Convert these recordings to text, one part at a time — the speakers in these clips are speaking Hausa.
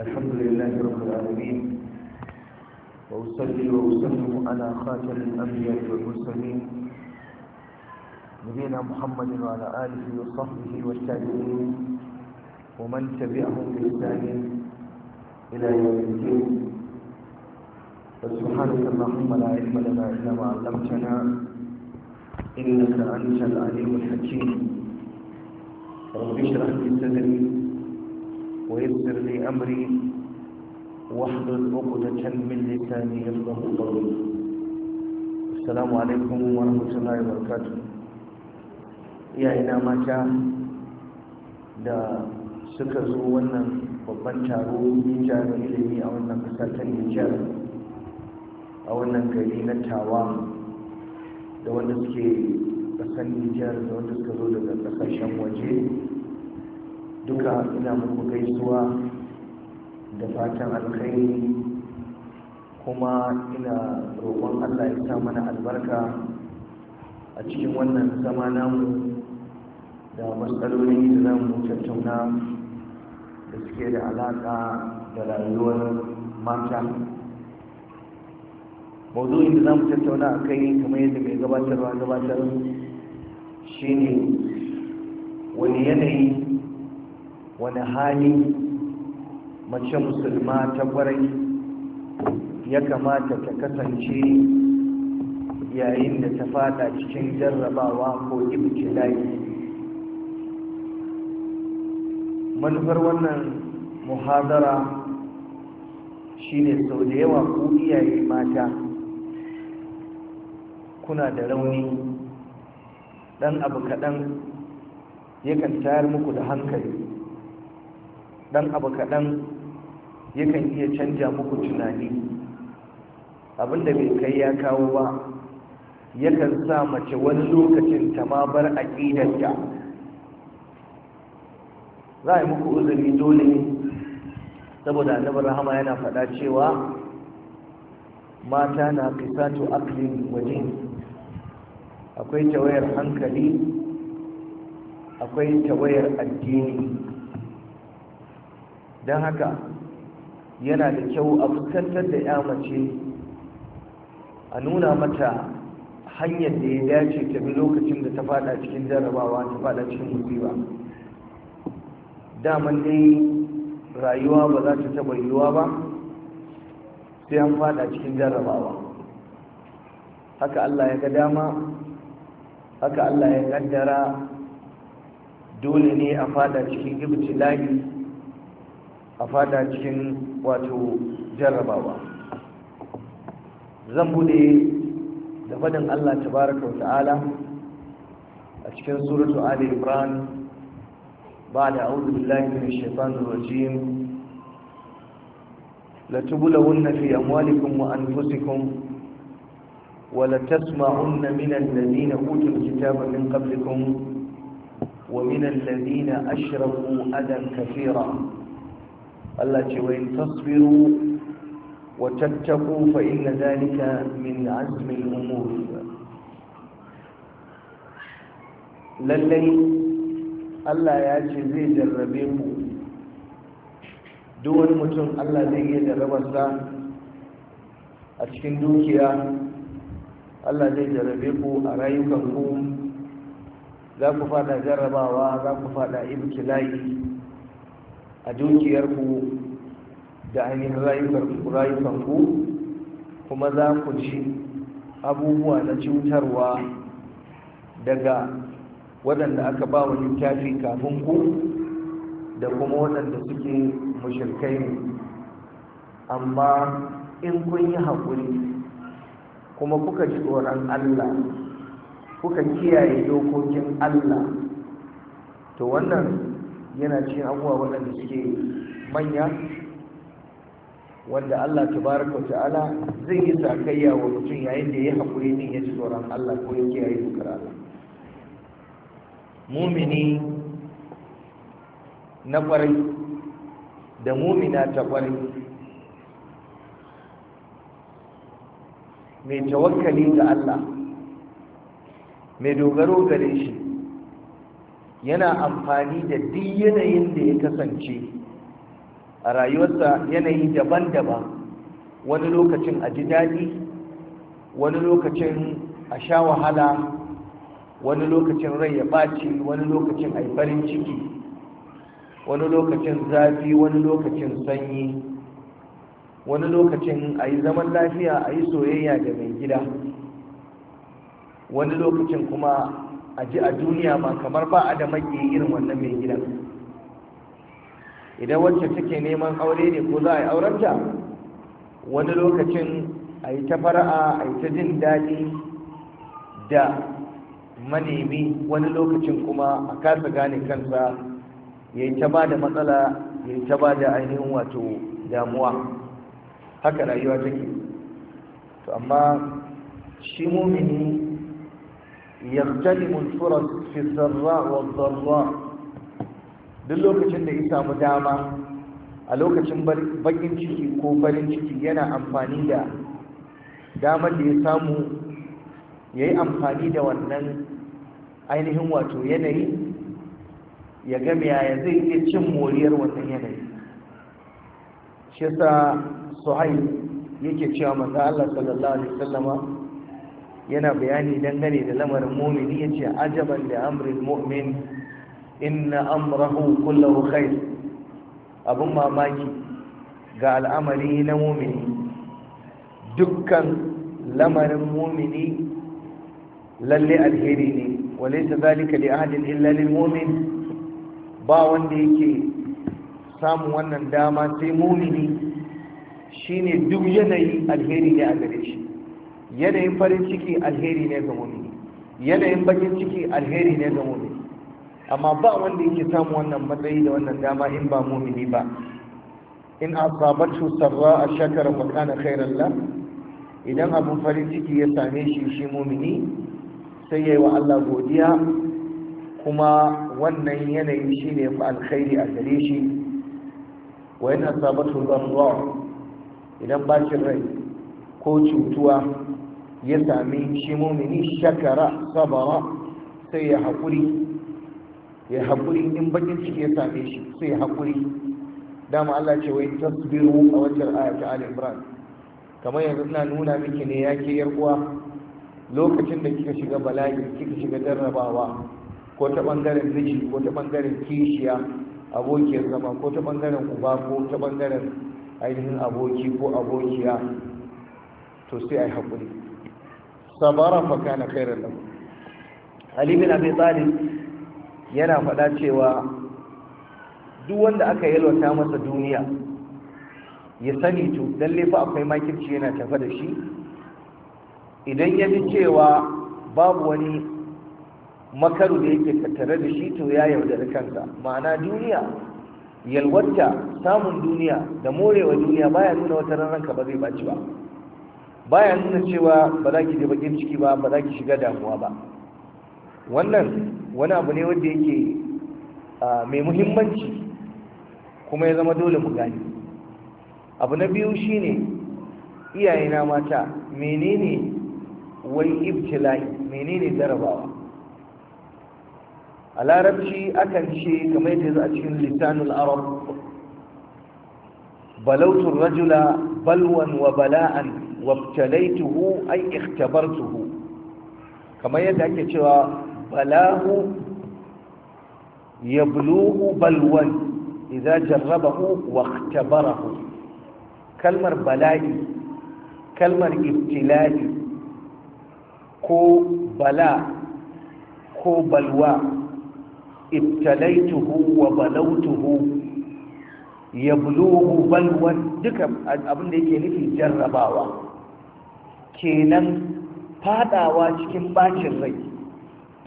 الحمد لله رب العالمين وأصلي وأسلم على خاتم الأنبياء والمرسلين نبينا محمد وعلى آله وصحبه والتابعين ومن تبعهم بإحسان إلى يوم الدين فسبحانك اللهم لا علم لنا إلا ما علمتنا إنك أنت العليم الحكيم رب اشرح لي صدري ويسر لي أمري واحلل عقدة من لساني يفقه قولي السلام عليكم ورحمة الله وبركاته يا إنا ماتا da suka zo wannan babban taro ya na ilimi a wannan ƙasa ta nijar a wannan gari na tawa da wanda suke ƙasar nijar da wanda suka zo daga ƙasashen waje duka ina muku gaisuwa da fatan alkhairi kuma ina roƙon allah ya sa mana albarka a cikin wannan zama namu da matsaloli da za mu tattauna da suke da alaƙa da rayuwar mata mawuzoyin da za mu tattauna a kai kamar yadda mai gabatarwa gabatar shi ne wani yanayi wani hali mace musulma ta kwarai ya kamata ta kasance yayin da ta fada cikin jarrabawa ko ibtilai manufar wannan muhadara shine sau da yawa ku iyaye mata kuna da rauni dan abu kaɗan yakan tayar muku da hankali dan abu kaɗan yakan iya canja muku tunani abinda bai kai ya kawo ba yakan sa mace wani lokacin ta ma bar za a yi muku uzuri dole saboda annabi rahama yana faɗa cewa mata na kisato aklin waje akwai tawayar hankali akwai tawayar addini don haka yana da kyau a fuskantar da ya mace a nuna mata hanyar da ya dace ta bi lokacin da ta fada cikin jarrabawa ta fada cikin musiba daman dai rayuwa ba za ta taba yiwuwa ba sai an fada cikin jarrabawa haka Allah ya ga dama haka Allah ya kaddara dole ne a fada cikin ibtila'i a fada cikin wato jarrabawa zan buɗe da faɗin Allah tabaraka wa ta'ala a cikin suratu ali ibran ba da a'udhu billahi minash shaitanir rajim la tubulawunna fi amwalikum wa anfusikum wa la tasma'unna min alladhina utul kitaba min qablikum wa min alladhina ashrafu adan kafira. Allah ce wa in tasbiru wa tattaku fa inna zalika min azmi al-umur lallai Allah ya ce zai jarrabe ku duk wani mutum Allah zai iya jarrabarsa a cikin dukiya Allah zai jarrabe ku a rayukanku za ku fada jarrabawa za ku fada ibtila'i a dukiyarku da ainihin rayukanku kuma za ku ci abubuwa na cutarwa daga waɗanda aka ba wa littafi kafin ku da kuma waɗanda suke mushirkai ne amma in kun yi haƙuri kuma kuka ji tsoron allah kuka kiyaye dokokin allah to wannan yana cikin abubuwa waɗanda suke manya wanda Allah tabaraka wa ta'ala zai yi sakayya wa mutum yayin da ya haƙuri ne ya ci tsoron Allah ko ya kiyaye dokar Allah mumini na ƙwarai da mumina ta ƙwarai mai tawakkali ga Allah mai dogaro gare shi yana amfani da duk yanayin da ya kasance a rayuwarsa yanayi daban-daban wani lokacin a ji daɗi wani lokacin a sha wahala wani lokacin rai ya ɓaci wani lokacin a yi farin ciki wani lokacin zafi wani lokacin sanyi wani lokacin a yi zaman lafiya a yi soyayya da mai gida wani lokacin kuma a ji a duniya ba, kamar ba a da maki irin wannan mai gidan idan wacce take neman aure ne ko za a yi aurenta wani lokacin a yi ta fara'a a yi ta jin daɗi da manemi wani lokacin kuma a kasa gane kansa ya yi ta ba da matsala ya yi ta ba da ainihin wato damuwa haka rayuwa take to amma shi mumini يغتنم الفرص في السراء والضراء duk lokacin da ya samu dama a lokacin bakin ciki ko farin ciki yana amfani da damar da ya samu ya yi amfani da wannan ainihin wato yanayi ya game yaya zai iya cin moriyar wannan yanayi shi sa suhail yake cewa manzo Allah sallallahu alaihi wasallama yana bayani dangane da lamarin mumini yace ajaban da amrin mu'min inna amrahu kullahu khair abun mamaki ga al'amari na mumini dukkan lamarin mumini lalle alheri ne walaysa zalika li ahadin illa lil mu'min ba wanda yake samun wannan dama sai mumini shine duk yanayi alheri ne a gare shi yanayin farin ciki alheri ne ga mumini yanayin bakin ciki alheri ne ga mumini amma ba wanda yake samu wannan matsayi da wannan dama in ba mumini ba in asabatu sarra shakar fa kana khairan la idan abun farin ciki ya same shi shi mumini sai yayi wa Allah godiya kuma wannan yanayi shine fa alkhairi a gare shi wa in sabatu darra idan bacin rai ko cutuwa ya sami shi mumini shakara sabara sai ya haƙuri ya haƙuri in bakin ciki ya same shi sai ya haƙuri dama Allah ce wai tasbiru a wajen aya ta Imran kamar yanzu ina nuna miki ne yake yar uwa lokacin da kika shiga bala'i kika shiga jarrabawa ko ta bangaren miji ko ta bangaren kishiya abokiyar zama ko ta bangaren uba ko ta bangaren ainihin aboki ko abokiya to sai ai haƙuri sabara fa kana khairan lahu Ali bin Abi Talib yana faɗa cewa duk wanda aka yalwata masa duniya ya sani to lalle fa akwai makirci yana tafa da shi idan ya ji cewa babu wani makaru da yake tattare da shi to ya yaudari kansa ma'ana duniya yalwata samun duniya da morewa duniya baya nuna wata ranar ka ba zai baci ba baya nuna cewa ba za ki je bakin ciki ba ba za ki shiga damuwa ba wannan wani abu ne wanda yake mai muhimmanci kuma ya zama dole mu gani abu na biyu shine iyayena mata menene wai ibtila'i menene jarabawa a larabci akan ce kamar yadda a cikin lisanul arab balautun rajula balwan wa bala'an wabtalaituhu ay ikhtabartuhu kamar yadda ake cewa balahu yabluhu balwan idza jarrabahu wa ikhtabarahu kalmar bala'i kalmar ibtila'i ko bala ko balwa ibtalaituhu wa balautuhu yabluhu balwan duka abin da yake nufi jarrabawa kenan fadawa cikin bacin rai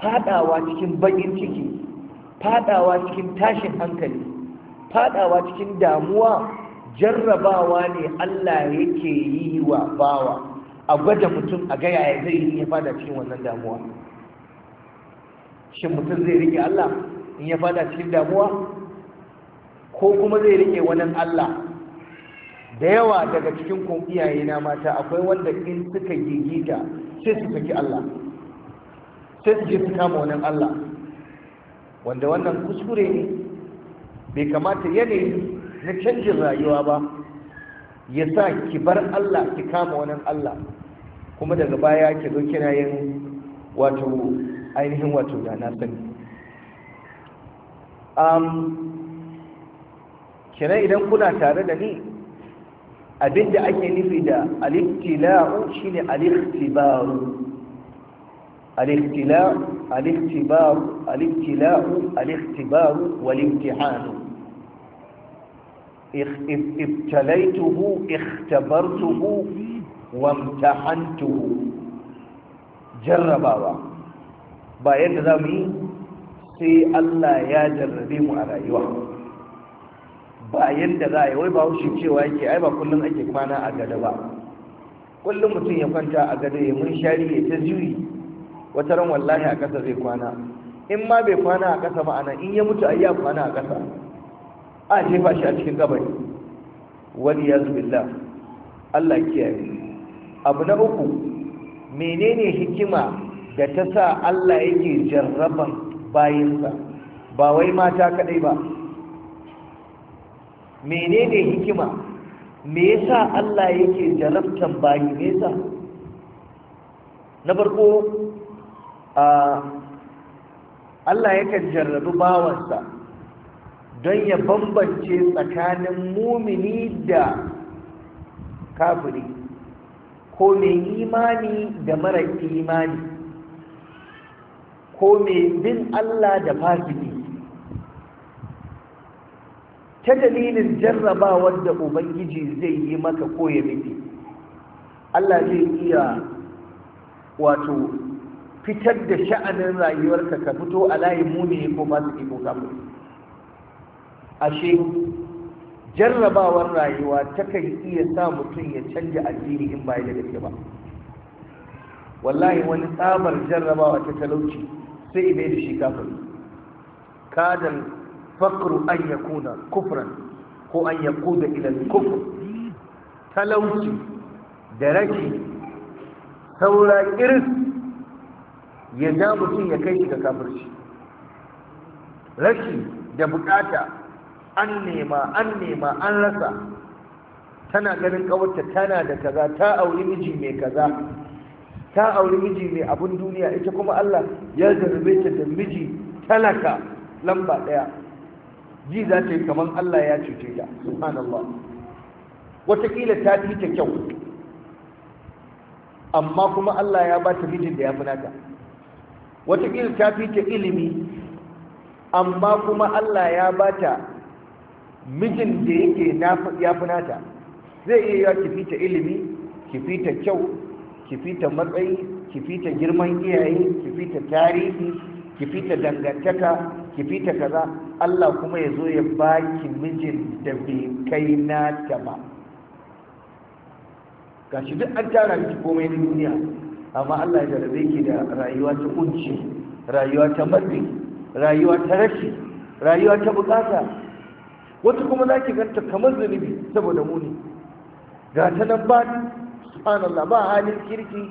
fadawa cikin bakin ciki fadawa cikin tashin hankali fadawa cikin damuwa jarrabawa ne Allah yake yi wa bawa a gwada mutum a ga yaya zai yi ya fada cikin wannan damuwa shin mutum zai rike Allah in ya fada cikin damuwa ko kuma zai rike wannan Allah da yawa daga cikin kun iyaye na mata akwai wanda in suka gigita sai su saki Allah sai su je su kama wannan Allah wanda wannan kuskure ne bai kamata yanayi na canjin rayuwa ba ya sa ki bar Allah ki kama wannan Allah kuma daga baya ki zo kina yin wato ainihin wato da na sani um, kenan idan kuna tare da ni abinda ake nufi da al-ibtila'u shine al-ikhtibar al-ibtila'u al-ikhtibar al-ibtila'u al-ikhtibar wal-imtihan ابتليته اختبرته وامتحنته جربوا باين زمي سي الله يا جربي على يوحنا ba yadda za a yi wai ba wushe cewa yake ai ba kullum ake kwana a gado ba kullum mutum ya kwanta a gado ya mun shari ya ta juyi wata ran wallahi a ƙasa zai kwana in ma bai kwana a ƙasa ma'ana in ya mutu ai ya kwana a ƙasa a jefa shi a cikin gabar wani ya zubillah Allah kiyaye abu na uku menene hikima da ta sa Allah yake jarraban bayinsa ba wai mata kadai ba menene hikima me yasa Allah yake jarabtan bayi me yasa na farko Allah yake jarrabi bawansa don ya bambance tsakanin mumini da kafiri ko mai imani da mara imani ko mai bin Allah da fasiki ta dalilin jarrabawar da ubangiji zai yi maka koya miki Allah zai iya wato fitar da sha'anin rayuwarka ka fito a layin muni ko masu iko kafin ashe jarrabawar rayuwa takan iya sa mutum ya canja addini in bai da gaske ba wallahi wani tsamar jarrabawa ta talauci sai ibe da shi kafin kadan fakru an yakuna kufran ko an yakuda ila kufr talauci da raki saura iris ya ja mutum ya kai shi ga kafirci Raki da bukata an nema an nema an rasa tana ganin kawarta tana da kaza ta auri miji mai kaza ta auri miji mai abun duniya ita kuma Allah ya zarbe ta da miji talaka lamba daya ji za ta yi kamar Allah ya cuce ta subhanallah wataƙila ta fi ta kyau amma kuma Allah ya ba ta mijin da ya fi nata wataƙila ta fi ta ilimi amma kuma Allah ya ba ta mijin da yake ya fi nata zai iya yawa ki fi ta ilimi ki fi ta kyau ki fi ta matsayi ki fi ta girman iyaye ki fi ta tarihi ki fi ta dangantaka ki fi ta kaza Allah kuma ya zo ya baki mijin da bai kai nata ba gashi duk an tara miki komai na duniya amma Allah ya jarabe ki da rayuwa ta kunci rayuwa ta matsi rayuwa ta rashi rayuwa ta bukata wata kuma za ki ganta kamar zunubi saboda muni ga ta nan ba subhanallah ba halin kirki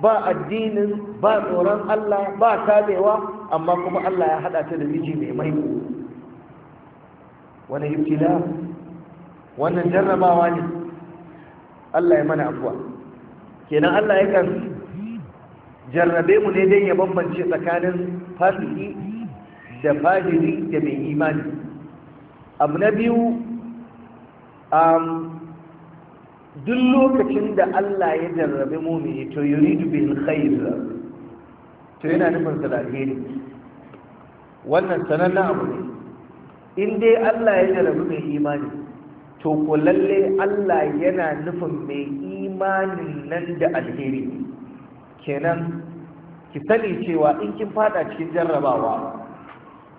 ba addinin ba tsoron Allah ba tabewa amma kuma Allah ya hada ta da miji mai maiko wani ibtila wannan jarrabawa ne Allah ya mana abuwa. kenan Allah yakan jarrabe mu ne dan ya bambance tsakanin fasiki da fajiri da mai imani abu na biyu duk lokacin da Allah ya jarrabe mu ne to yuridu bil khair to yana nufin su da alheri wannan sanannen abu ne in dai Allah ya jarabu mai imani to ko lalle Allah yana nufin mai imani nan da alheri kenan ki sani cewa in kin fada cikin jarrabawa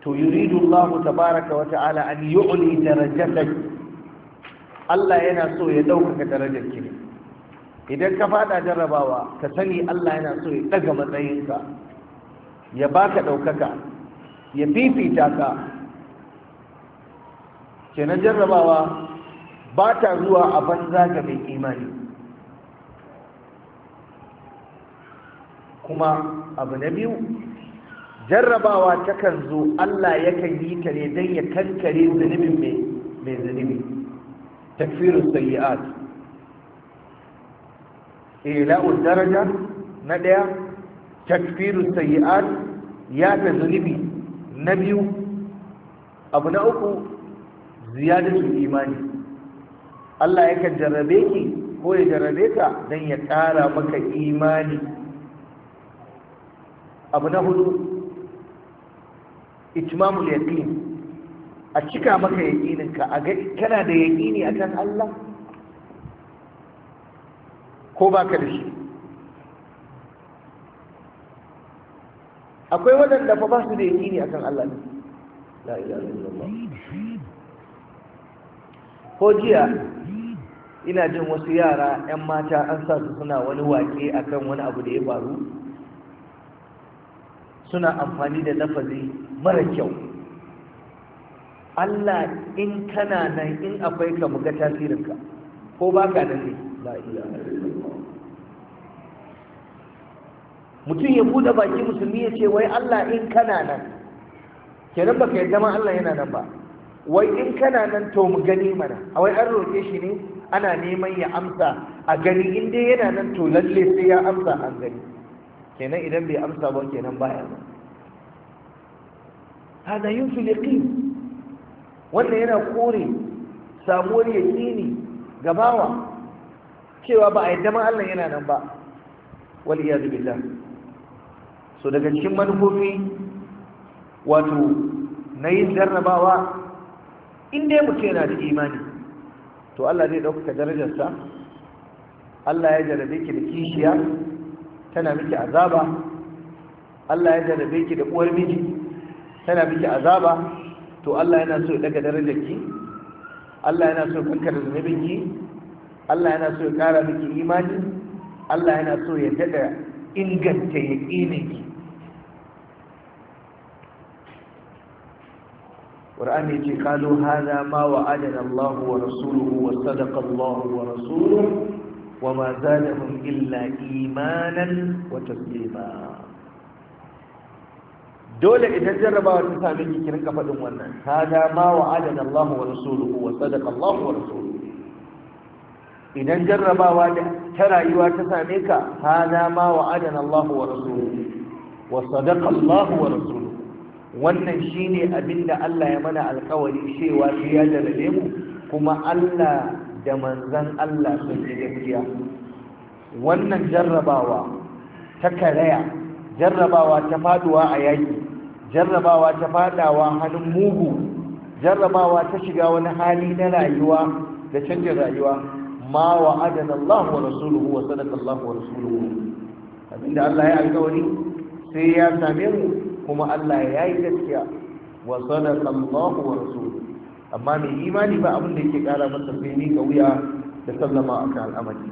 to yuridu Allah tabaraka wa ta'ala an yu'li darajatak Allah yana so ya ɗaukaka darajar ki idan ka fada jarrabawa ka sani Allah yana so ya daga matsayinka ya baka ɗaukaka ya fifita ka kenan jarrabawa ba ta zuwa a banza ga mai imani kuma abu na biyu jarrabawa takan zo Allah yakan yi ta ne don ya kankare zunubin mai zunubi tafirin sayi'at ila'ul eh, daraja na ɗaya takfiru sayyi'at ya ta zunubi na biyu abu na uku ziyadatu imani Allah yakan jarrabe ki ko ya jarrabe ka don ya ƙara maka imani abu na hudu itimamul yaqin a cika maka yaqininka a ga kana da yaqini akan Allah ko baka da shi akwai waɗanda fa ba su da yaki ne akan Allah ne la ilaha illallah ko jiya ina jin wasu yara 'yan mata an sa su suna wani wake akan wani abu da ya faru suna amfani da lafazi mara kyau Allah in kana nan in akwai ka muga tasirinka ko ba ka nan ne la ilaha mutum ya buɗe baki musulmi ya ce wai Allah in kana nan kenan baka yadda ma Allah yana nan ba wai in kana nan to mu gani mana a wai an roƙe shi ne ana neman ya amsa a gani in dai yana nan to lalle sai ya amsa an gani kenan idan bai amsa ba kenan baya ba hada yin filiƙi wannan yana kore samuwar yaƙini gabawa cewa ba a yadda ma Allah yana nan ba wal iyadu billah so daga cikin manufofi wato na yin jarrabawa inda ya mutu yana da imani to Allah zai ɗaukaka darajarsa Allah ya jarrabe ki da kishiya tana miki azaba Allah ya jarrabe ki da uwar miji tana miki azaba to Allah yana so ya ɗaga darajarki Allah yana so ya kankara zunubinki Allah yana so ya kara miki imani Allah yana so ya daɗa inganta yaƙininki qur'ani ce qalu hadha ma wa'adana Allah wa rasuluhu wa sadaqa Allah wa rasuluhu wa ma zadahum illa imanan wa taslima dole idan jarrabawa ta same ki kirin ka faɗin wannan hada ma wa'adana Allah wa rasuluhu wa sadaqa Allah wa rasuluhu idan jarrabawa ta rayuwa ta same ka hada ma wa'adana Allah wa rasuluhu wa sadaqa Allah wa rasuluhu wannan shine abinda Allah ya mana alkawari cewa shi ya jarabe mu kuma Allah da manzan Allah sun yi gaskiya wannan jarrabawa ta karaya jarrabawa ta faduwa a yaki jarrabawa ta fadawa hannun mugu jarrabawa ta shiga wani hali na rayuwa da canjin rayuwa ma wa'adana Allah wa rasuluhu wa sadaqa Allah wa rasuluhu abinda Allah ya alkawari sai ya same mu kuma Allah ya yi gaskiya wa sadaqa Allah wa rasuluhu amma mai imani ba abin da yake kara masa sai ni ga wuya da sallama akan al'amari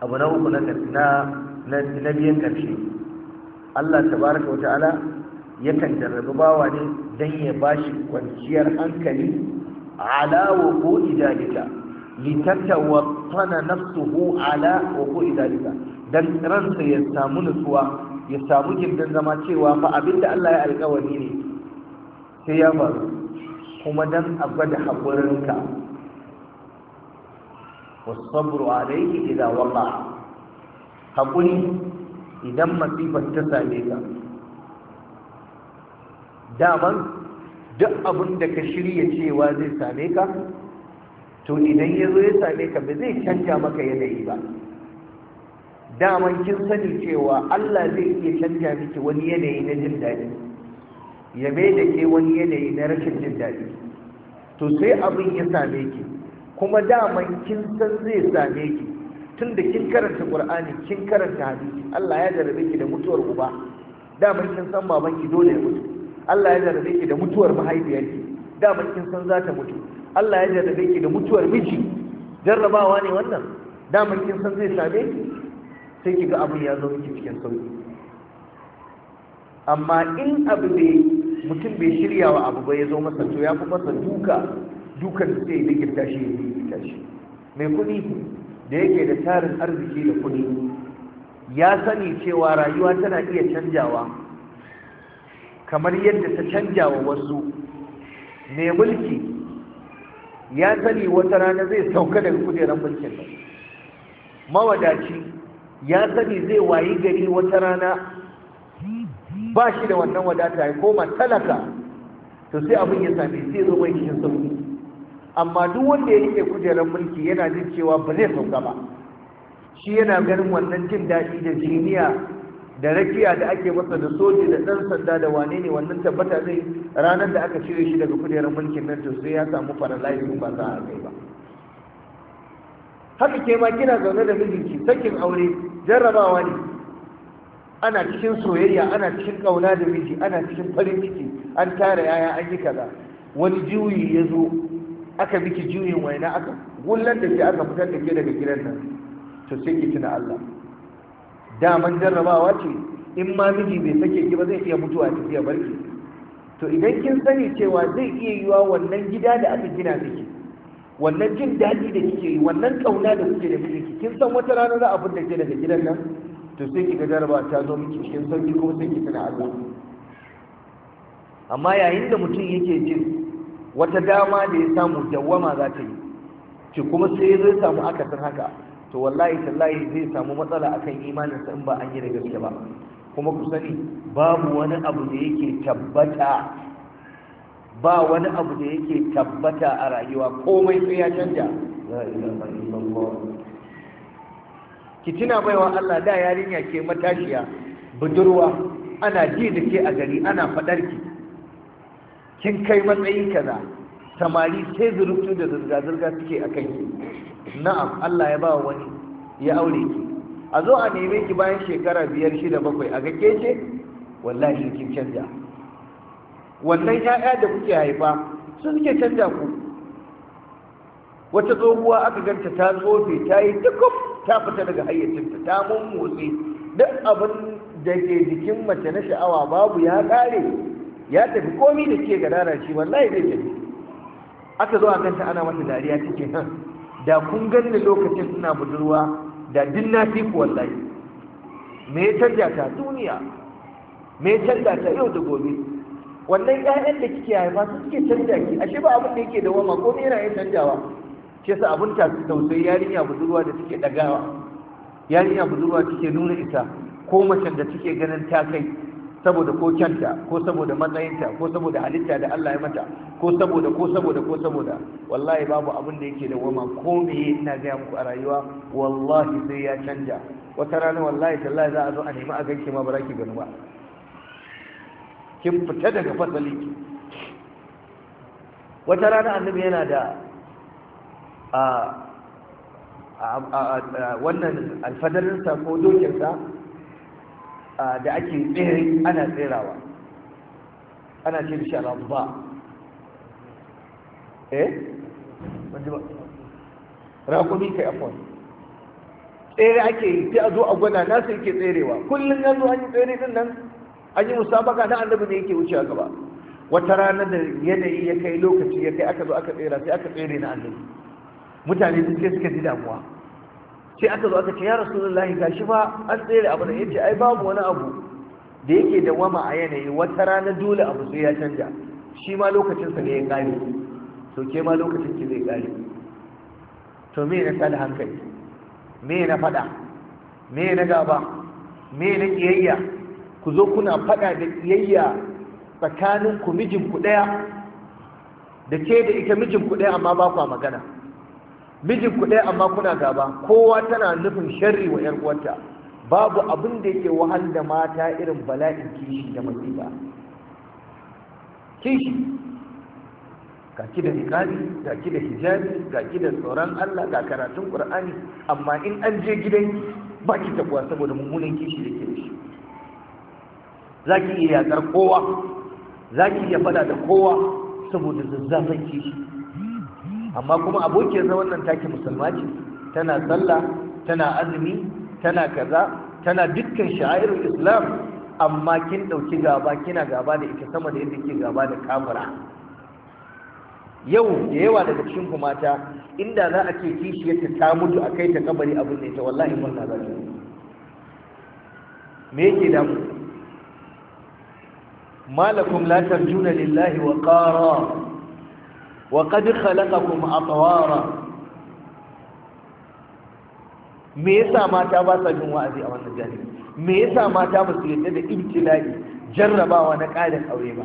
abu na uku na na biyan karshe Allah tabaraka wa ta'ala yakan jarrabi bawa ne dan ya bashi kwanciyar hankali ala wuqu'i dalika litatawattana nafsuhu ala ko dalika dan ransa ya samu nutsuwa ya samu jirgin zama cewa fa abinda Allah ya alkawari ne sai ya faru kuma dan a gwada haƙurinka wasabru alaihi idan waka haƙuri idan masifar ta same ka daman duk abin da ka shirya cewa zai same ka to idan ya zo ya same ka ba zai canja maka yanayi ba daman kin sani cewa Allah zai iya canja miki wani yanayi na jin daɗi ya mai da ke wani yanayi na rashin jin daɗi to sai abin ya same ki kuma daman kin san zai same ki tun da kin karanta ƙur'ani kin karanta hadisi Allah ya jarabe ki da mutuwar uba daman kin san babanki dole ya mutu Allah ya jarabe ki da mutuwar mahaifiyarki daman kin san za ta mutu Allah ya jarabe ki da mutuwar miji jarrabawa ne wannan daman kin san zai same ki sai ki ga abin ya zo miki cikin sauki amma in abu mutum bai shirya wa abu ba ya zo masa to ya fi masa duka dukan da zai ya shi ya shi mai kuɗi da yake da tarin arziki da kuɗi ya sani cewa rayuwa tana iya canjawa kamar yadda ta canja wa wasu mai mulki ya sani wata rana zai sauka daga kujerar mulkin nan mawadaci ya sani zai wayi gari wata rana ba shi da wannan wadata ya koma talaka to sai abin ya sami sai zo mai cikin sauki amma duk wanda ya yake kujerar mulki yana jin cewa ba zai sauka ba shi yana ganin wannan jin daɗi da jiniya da rakiya da ake masa da soji da ɗan sanda da wane ne wannan tabbata zai ranar da aka cire shi daga kujerar mulkin nan to sai ya samu paralyzing ba za a kai ba haka ke ma kina zaune da mijinki sakin aure jarrabawa ne ana cikin soyayya ana cikin ƙauna da miji ana cikin farin ciki an tara yaya an yi kaza wani juyi ya zo aka miki juyin waina aka gullar da ke aka fitar da ke daga gidan nan to sai ki tuna Allah daman jarrabawa ce in ma miji bai sake ki ba zai iya mutuwa ki iya barki to idan kin sani cewa zai iya yiwa wannan gida da aka gina miki wannan jin daɗi da kike yi wannan ƙauna da kuke da miki kin san wata rana za a fita ke daga gidan nan to sai ki ga jaraba ta zo miki san sauki kuma sai ki tana Allah amma yayin da mutum yake jin wata dama da ya samu dawwama za ta yi ki kuma sai zai samu akasin haka to wallahi tallahi zai samu matsala akan imaninsa in ba an yi da gaske ba kuma ku sani babu wani abu da yake tabbata ba wani abu da yake tabbata a rayuwa komai sai ya canja ki tuna baiwa Allah da yarinya ke matashiya budurwa ana ji da ke a gari ana fadar ki kin kai matsayin kaza samari sai zurutu da zirga-zirga suke a kai na'am Allah ya ba wani ya aure ki a zo a neme ki bayan shekara biyar shida bakwai a ga ke ce wallahi kin canja wannan yaya da kuke haifa su suke canja ku wata tsohuwa aka ganta ta tsofe ta yi dukkan ta fita daga hayyacinta ta mummotsi duk abin da ke jikin mace na sha'awa babu ya ƙare ya tafi komi da ke gadara shi wallahi zai tafi aka zo a ganta ana mata dariya cikin nan da kun ganni lokacin suna budurwa da din na fi ku wallahi me ya canja ta duniya me ya canja ta yau da gobe wannan ƴaƴan da kike haifa su suke canja ki ashe ba abin da yake da wama komai yana yin canjawa ke sa abin ta su tausayi yarinya budurwa da suke dagawa yarinya budurwa suke nuna ita ko macen da suke ganin ta kai saboda ko canta ko saboda matsayinta ko saboda halitta da Allah ya mata ko saboda ko saboda ko saboda wallahi babu abin da yake da wama ko meye ina gaya muku a rayuwa wallahi sai ya canja wata rana wallahi tallahi za a zo a nemi a ganke ma ba za ki gani ba kin fita daga fasali wata rana annabi yana da wannan alfadarinsa ko dokinsa da ake tsere ana tserawa ana ce da shi eh? ba eh? rakumi kai afon tsere ake yi sai a zo a gwada nasu yake tserewa kullum ya zo an yi tsere din nan an yi musabaka na annabi ne yake a gaba wata rana da yanayi ya kai lokaci ya kai aka zo aka tsera sai aka tsere na annabi mutane sun ce suka ji damuwa sai aka zo aka ce ya rasulullahi gashi ba an tsere abu da yace ai babu wani abu da yake da wama a yanayi wata rana dole abu sai ya canja shi ma lokacinsa ne ya kare to ke ma lokacin ki zai kare to me na da hankali me na fada me na gaba me na kiyayya ku zo kuna faɗa da iyayya tsakanin ku mijinku ɗaya da ke da ita mijinku ɗaya amma ba kwa magana mijinku ɗaya amma kuna gaba kowa tana nufin sharri wa ‘yar uwarta babu abin da yake wahal da mata irin bala'in kishi da masifa kishi ga ki da ga ki da hijabi ga ki da tsoron Allah ga karatun Qur'ani amma in an je gidanki ba ki takwa saboda mummunan kishi da ke da shi za ki iya yaƙar kowa za ki iya fada da kowa saboda zazzafin kishi amma kuma abokiyar zaman nan take musulma ce tana sallah tana azumi tana kaza tana dukkan sha'irar islam amma kin ɗauki gaba kina gaba da ita sama da yadda ke gaba da kafira yau da yawa daga cikin ku mata inda za a ce kishiyarta ta mutu a kai ta kabari abin da ita wallahi murna za ta me yake damu malakum la tarjuna lillahi wa qara wa qad khalaqakum atwara me yasa mata ba sa jin wa'azi a wannan jami'i me yasa mata ba su yadda da ibtila'i jarrabawa na ƙarin aure ba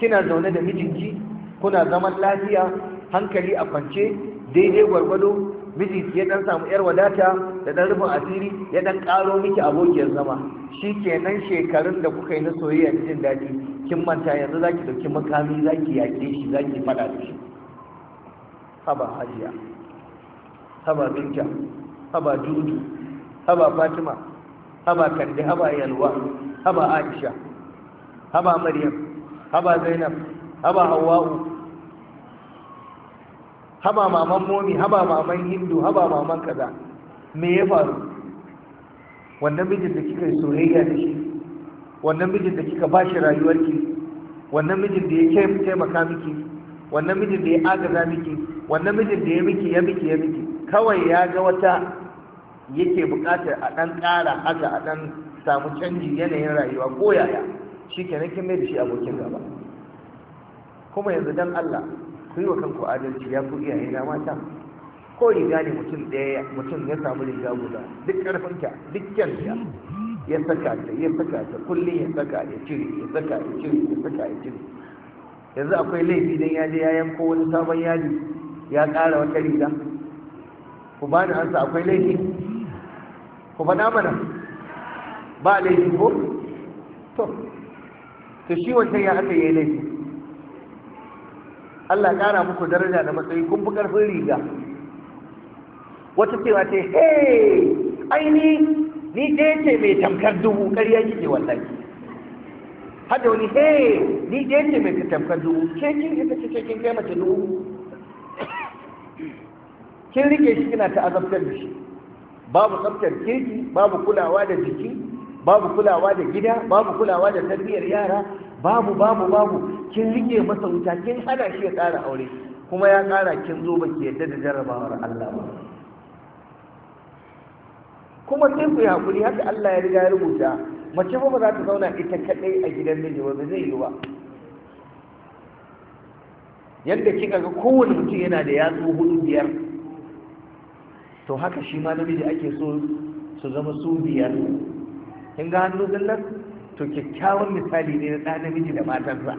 kina zaune da mijinki kuna zaman lafiya hankali a kwance daidai gwargwado miji ya dan samu yar wadata da dan rufin asiri ya dan karo miki abokiyar zama shikenan shekarun da kuka yi na soyayya da jin daɗi kin manta yanzu zaki dauki makami zaki yaƙe shi zaki fada da shi haba hajiya haba binta haba dudu haba fatima haba kande haba yalwa haba aisha haba maryam haba zainab haba hawa'u haba maman momi haba maman hindu haba maman kaza me ya faru wannan mijin da kika yi soyayya da shi wannan mijin da kika ba shi rayuwarki wannan mijin da ya taimaka miki wannan mijin da ya agaza miki wannan mijin da ya miki ya miki ya miki kawai ya ga wata yake buƙatar a ɗan ƙara haka a ɗan samu canji yanayin rayuwa ko yaya shi kenan kin mai da shi abokin gaba kuma yanzu dan Allah ku yi wa kanku adalci ya ku iyaye na mata ko riga ne mutum ɗaya mutum ya samu riga guda duk ƙarfinta duk kyanta ya saka ta ya saka ta kullum ya saka ya cire ya saka ya cire ya saka ya cire yanzu akwai laifi don ya je ya yanko wani sabon yadi ya ƙara wata riga ku bani ansa akwai laifi ku faɗa mana ba laifi ko to to shi wancan ya aka yi laifi Allah ƙara kara muku daraja da matsayi kun fi karfin riga wata cewa ce hey aini ni ɗaya ce mai tamkar dubu ƙarya kike wallahi har da wani hey ni ɗaya ce mai tamkar dubu ke kin ita ce ke kin kai mace dubu kin rike shi kina ta azabtar da shi babu tsaftar kirki babu kulawa da jiki babu kulawa da gida babu kulawa da tarbiyyar yara babu babu babu kin rike masa wuta kin hada shi ya tsara aure kuma ya kara kin zo baki yadda da jarrabawar Allah ba kuma sai ku yi hakuri haka Allah ya riga ya rubuta mace ba za ta zauna ita kadai a gidan miji ba zai yi ba yadda kika ga kowane mutum yana da yatsu hudu biyar to haka shi ma namiji ake so su zama su biyar kin ga hannu nan to kyakkyawan misali ne na namiji da matarsa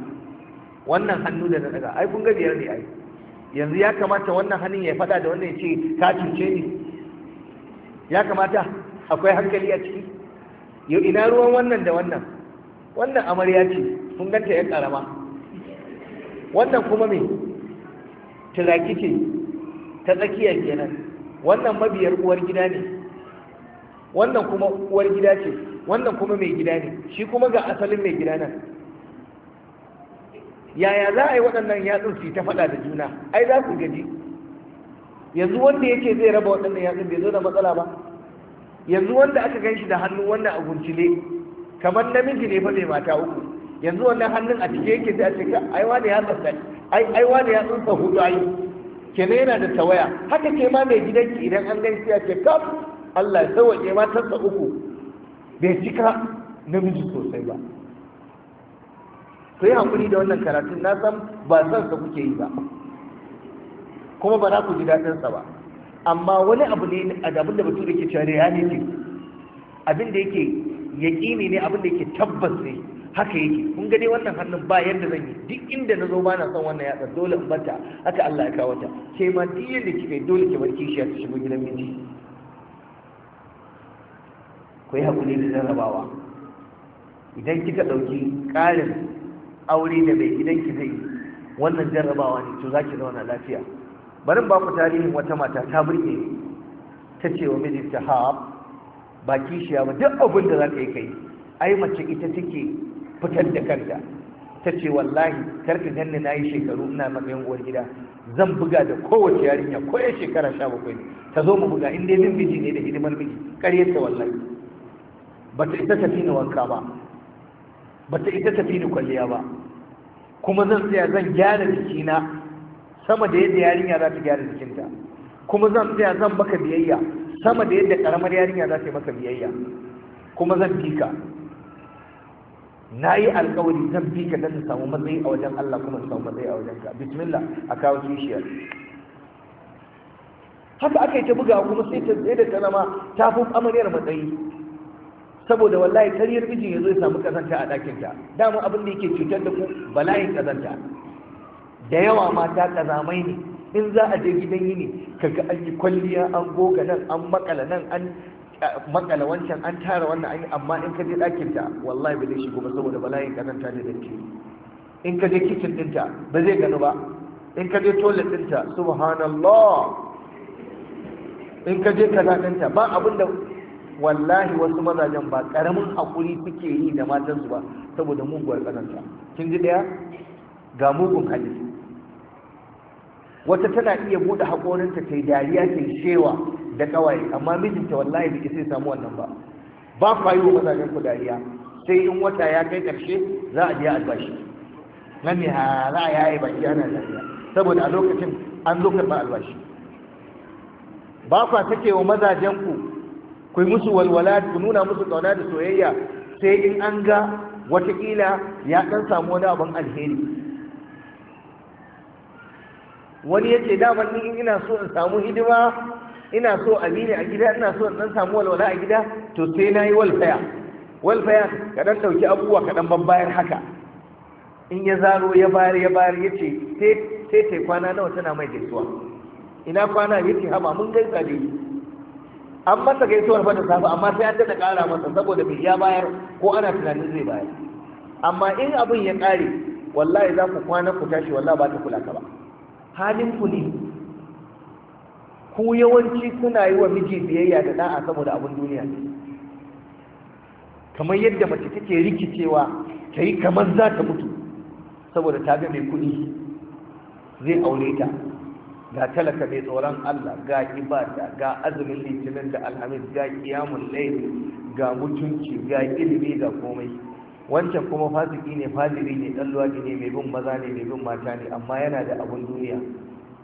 wannan hannu da na daga ai kun ga biyar ne ai yanzu ya kamata wannan hannun ya faɗa da wannan ya ce ka cuce ni ya kamata akwai hankali a ciki yau ina ruwan wannan da wannan wannan amarya ce kun ganta ya karama wannan kuma me tiraki ce ta tsakiya kenan wannan mabiyar uwar gida ne wannan kuma uwar gida ce wannan kuma mai gida ne shi kuma ga asalin mai gida nan yaya za a yi waɗannan yatsun su ta faɗa da juna ai za su gaji yanzu wanda yake zai raba waɗannan yatsun bai zo da matsala ba yanzu wanda aka gan shi da hannu wannan a guncile kamar namiji ne fa mai mata uku yanzu wannan hannun a cike yake zai a ai wani ya tsatsa ai ai wani ya tsunsa hudu ai kenan yana da tawaya haka ke ma mai gidanki idan an gan shi ya ce kaf Allah ya sauwaƙe matarsa uku bai cika namiji sosai ba ku yi hankuri da wannan karatun na san ba san sa kuke yi ba kuma ba za ku ji daɗin sa ba amma wani abu ne abin da bature ke cewa reality abin da yake yaƙini ne abin da yake tabbas ne haka yake kun ga dai wannan hannun ba yadda zan yi duk inda na zo bana son wannan yatsa dole in bata haka Allah ya kawo ta ke ma duk yadda kika dole ki bar kishiya ta shigo gidan miji ku yi haƙuri da jarrabawa idan kika ɗauki ƙarin aure da mai gidanki zai wannan jarrabawa ne to za ki zauna lafiya barin ba ku tarihin wata mata ta burge ta ce wa mijinta ha ba kishiya ba duk abin da za ka yi kai ai mace ita take fitar da kanta ta ce wallahi karka ganni na yi shekaru ina matsayin uwar gida zan buga da kowace yarinya ko ya shekara sha bakwai ta zo mu buga in dai min miji ne da hidimar miji karyarta wallahi ba ta ita tafi ni wanka ba ba ta ita tafi ni kwalliya ba kuma zan tsaya zan gyara jikina sama da yadda yarinya za ta gyara jikinta kuma zan tsaya zan baka biyayya sama da yadda karamar yarinya za ta yi maka biyayya kuma zan bi ka na yi alkawari zan bi ka don samu matsayi a wajen Allah kuma samu matsayi a wajen ka bismillah a kawo kishiyar haka aka yi ta bugawa kuma sai ta tsaye da ta zama ta fi amaryar matsayi saboda wallahi tariyar mijin ya zo ya samu kazanta a ɗakinta dama abin da yake cutar da ku bala'in kazanta da yawa mata kazamai ne in za a je gidan yini kaga an yi kwalliya an goga nan an makala nan an makala wancan an tara wannan an yi amma in ka je ɗakinta wallahi ba zai shigo ba saboda bala'in kazanta da datti in ka je kicin ɗinta ba zai gano ba in ka je toilet ɗinta subhanallah in ka je kaza ɗinta ba abin da wallahi wasu mazajen ba karamin hakuri suke yi da matansu ba saboda muguwar kazanta kin ji daya ga mugun hali wata tana iya bude hakorinta ta dariya ta shewa da kawai amma mijinta wallahi bai sai samu wannan ba ba ku yi mazajen ku dariya sai in wata ya kai karshe za a a albashi nan ne za a yayi baki ana dariya saboda a lokacin an zo karɓar albashi ba ku take wa mazajen ku ku musu walwala ku nuna musu kauna da soyayya sai in an ga watakila ya ɗan samu wani abin alheri wani ya ce daman ni ina so in samu hidima ina so amini a gida ina so in ɗan samu walwala a gida to sai na yi walfaya walfaya ka ɗan ɗauki abubuwa ka ɗan bayan haka in ya zaro ya bayar ya bayar ya ce sai sai kwana nawa tana mai gaisuwa ina kwana ya ce haba mun gaisa dai an masa gaisuwar fa da safe amma sai an dada kara masa saboda bai ya bayar ko ana tunanin zai bayar amma in abin ya kare wallahi za ku kwana ku tashi wallahi ba ta kula ka ba halin ku ne ku yawanci kuna yi wa miji biyayya da da'a saboda abin duniya ne kamar yadda mace take rikicewa ta yi kamar za ta mutu saboda ta ga mai kuɗi zai aure ta ga talaka mai tsoron Allah ga ibada ga azumin litinin da alhamis ga kiyamun laifin, ga mutunci ga ilimi ga komai wancan kuma fasiki ne fadiri ne dan luwaɗi ne mai bin maza ne mai bin mata ne amma yana da abun duniya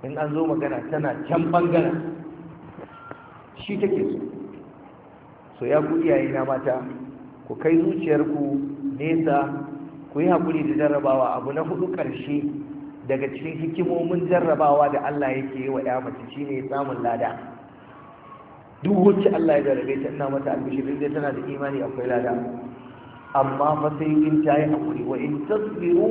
in an zo magana tana can bangana shi take so so ya ku iyaye na mata ku kai zuciyarku nesa ku yi haƙuri da jarrabawa abu na hudu ƙarshe daga cikin hikimomin jarrabawa da Allah yake yi wa ya mace shine samun lada duk wacce Allah ya jarabe ta ina mata albishir inda tana da imani akwai lada amma fa sai in ta yi hakuri wa in tasbiru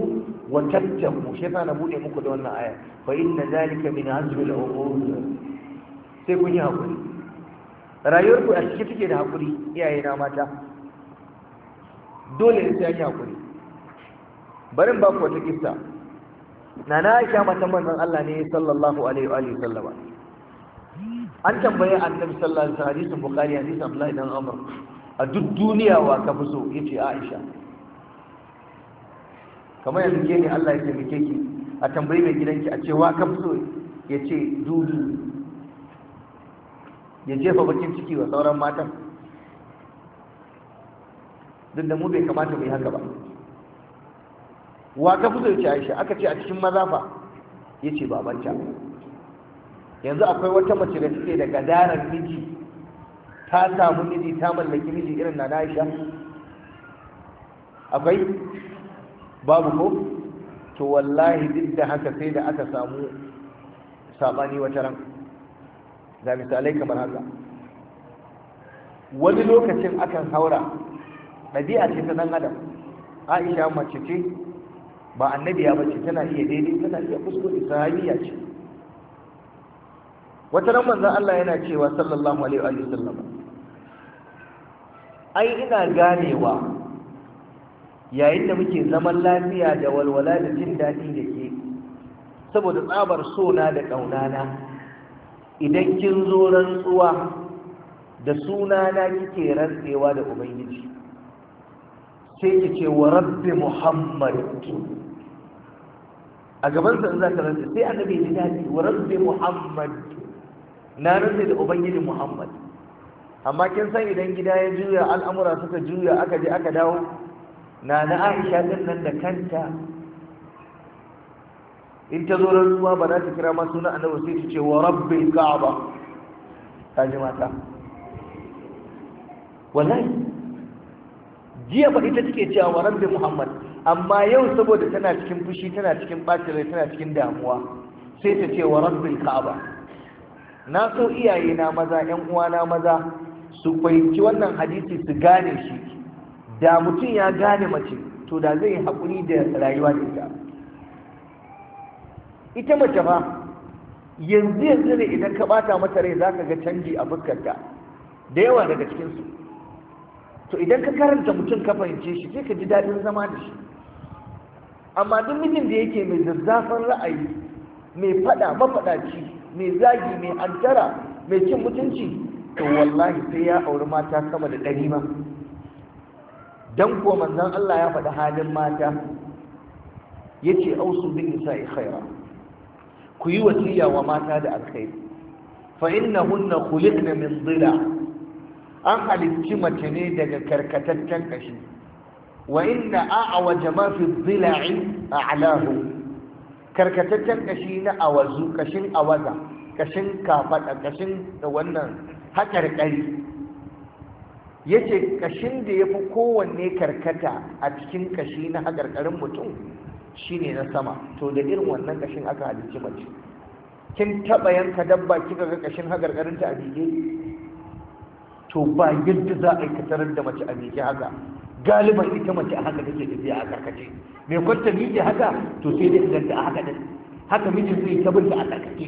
wa tattabu shi na bude muku da wannan aya fa inna zalika min azmi al-umur sai kun yi hakuri rayuwar ku a cikin take da hakuri iyaye na mata dole sai an yi hakuri barin ba ku wata kissa nana aisha matan manzon Allah ne sallallahu alaihi wa sallama an tambaye annabi sallallahu alaihi wasallam hadisin bukhari hadisin abdullahi ibn umar a duk duniya wa ka fi so yace aisha kamar yanzu ke ne Allah ya taimake ki a tambayi mai gidanki a ce wa ka fi so yace dudu ya jefa bakin ciki wa sauran matan duk da mu bai kamata mu yi haka ba wa ka fi aisha aka ce a cikin mazafa. ya ce babanta yanzu akwai wata mace da take da gadarar miji ta samu miji ta mallaki miji irin na aisha akwai babu ko to wallahi duk da haka sai da aka samu sabani wata ran ga misalai kamar haka wani lokacin akan haura ɗabi'a ce ta ɗan adam aisha mace ce ba annabi ya bace tana iya daidai tana iya kuskure sahabiya ce wata ran manzo Allah yana cewa sallallahu alaihi wa sallam ai ina ganewa yayin da muke zaman lafiya da walwala da jin daɗi da ke saboda tsabar sona da ƙaunana idan kin zo rantsuwa da sunana kike rantsewa da ubangiji sai ki ce wa rabbi muhammad a gabansa in za ka rantsa sai annabi ya ji wa rabbi muhammad na rantsa da ubangiji muhammad amma kin san idan gida ya juya al'amura suka juya aka je aka dawo na na aisha din nan da kanta in ta zo rantsuwa ba za ta kira ma suna annabi sai ta ce wa rabbi ka'aba ta ji mata wallahi jiya ba ita take cewa wa rabbi muhammad amma yau saboda tana cikin fushi tana cikin bacin rai tana cikin damuwa sai ta ce wa rabbin ka'aba na so iyaye na maza yan uwana maza su fahimci wannan hadisi su gane shi da mutum ya gane mace to da zai haƙuri da rayuwa da ita ita mace ba, yanzu yanzu ne idan ka bata mata rai za ka ga canji a fuskarta da yawa daga cikinsu to idan ka karanta mutum ka fahimce shi sai ka ji daɗin zama da shi amma duk mijin da yake mai zazzafan ra'ayi mai fada mafadaci mai zagi mai antara mai cin mutunci to wallahi sai ya auri mata sama da ɗari ma dan kuwa manzan Allah ya faɗi halin mata ya ce ausu bin nisa'i khaira ku yi wasiya wa mata da alkhairi fa innahunna khuliqna min dhila an halicci mace ne daga karkataccen kashi wa inna a'waja ma fi dhila'i a'lahu karkataccen kashi na awazu kashin awaza kashin kafada kashin da wannan hakar kari yace kashin da yafi kowanne karkata a cikin kashi na hakarkarin mutum shine na sama to da irin wannan kashin aka halicci mace kin taba yanka dabba kika ga kashin hakarkarin ta a to ba yadda za a yi da mace a bige haka galiban ita mace a haka take tafiya a karkace mai kwanta miji haka to sai dai idan ta haka din haka mijin zai tabinta a karkace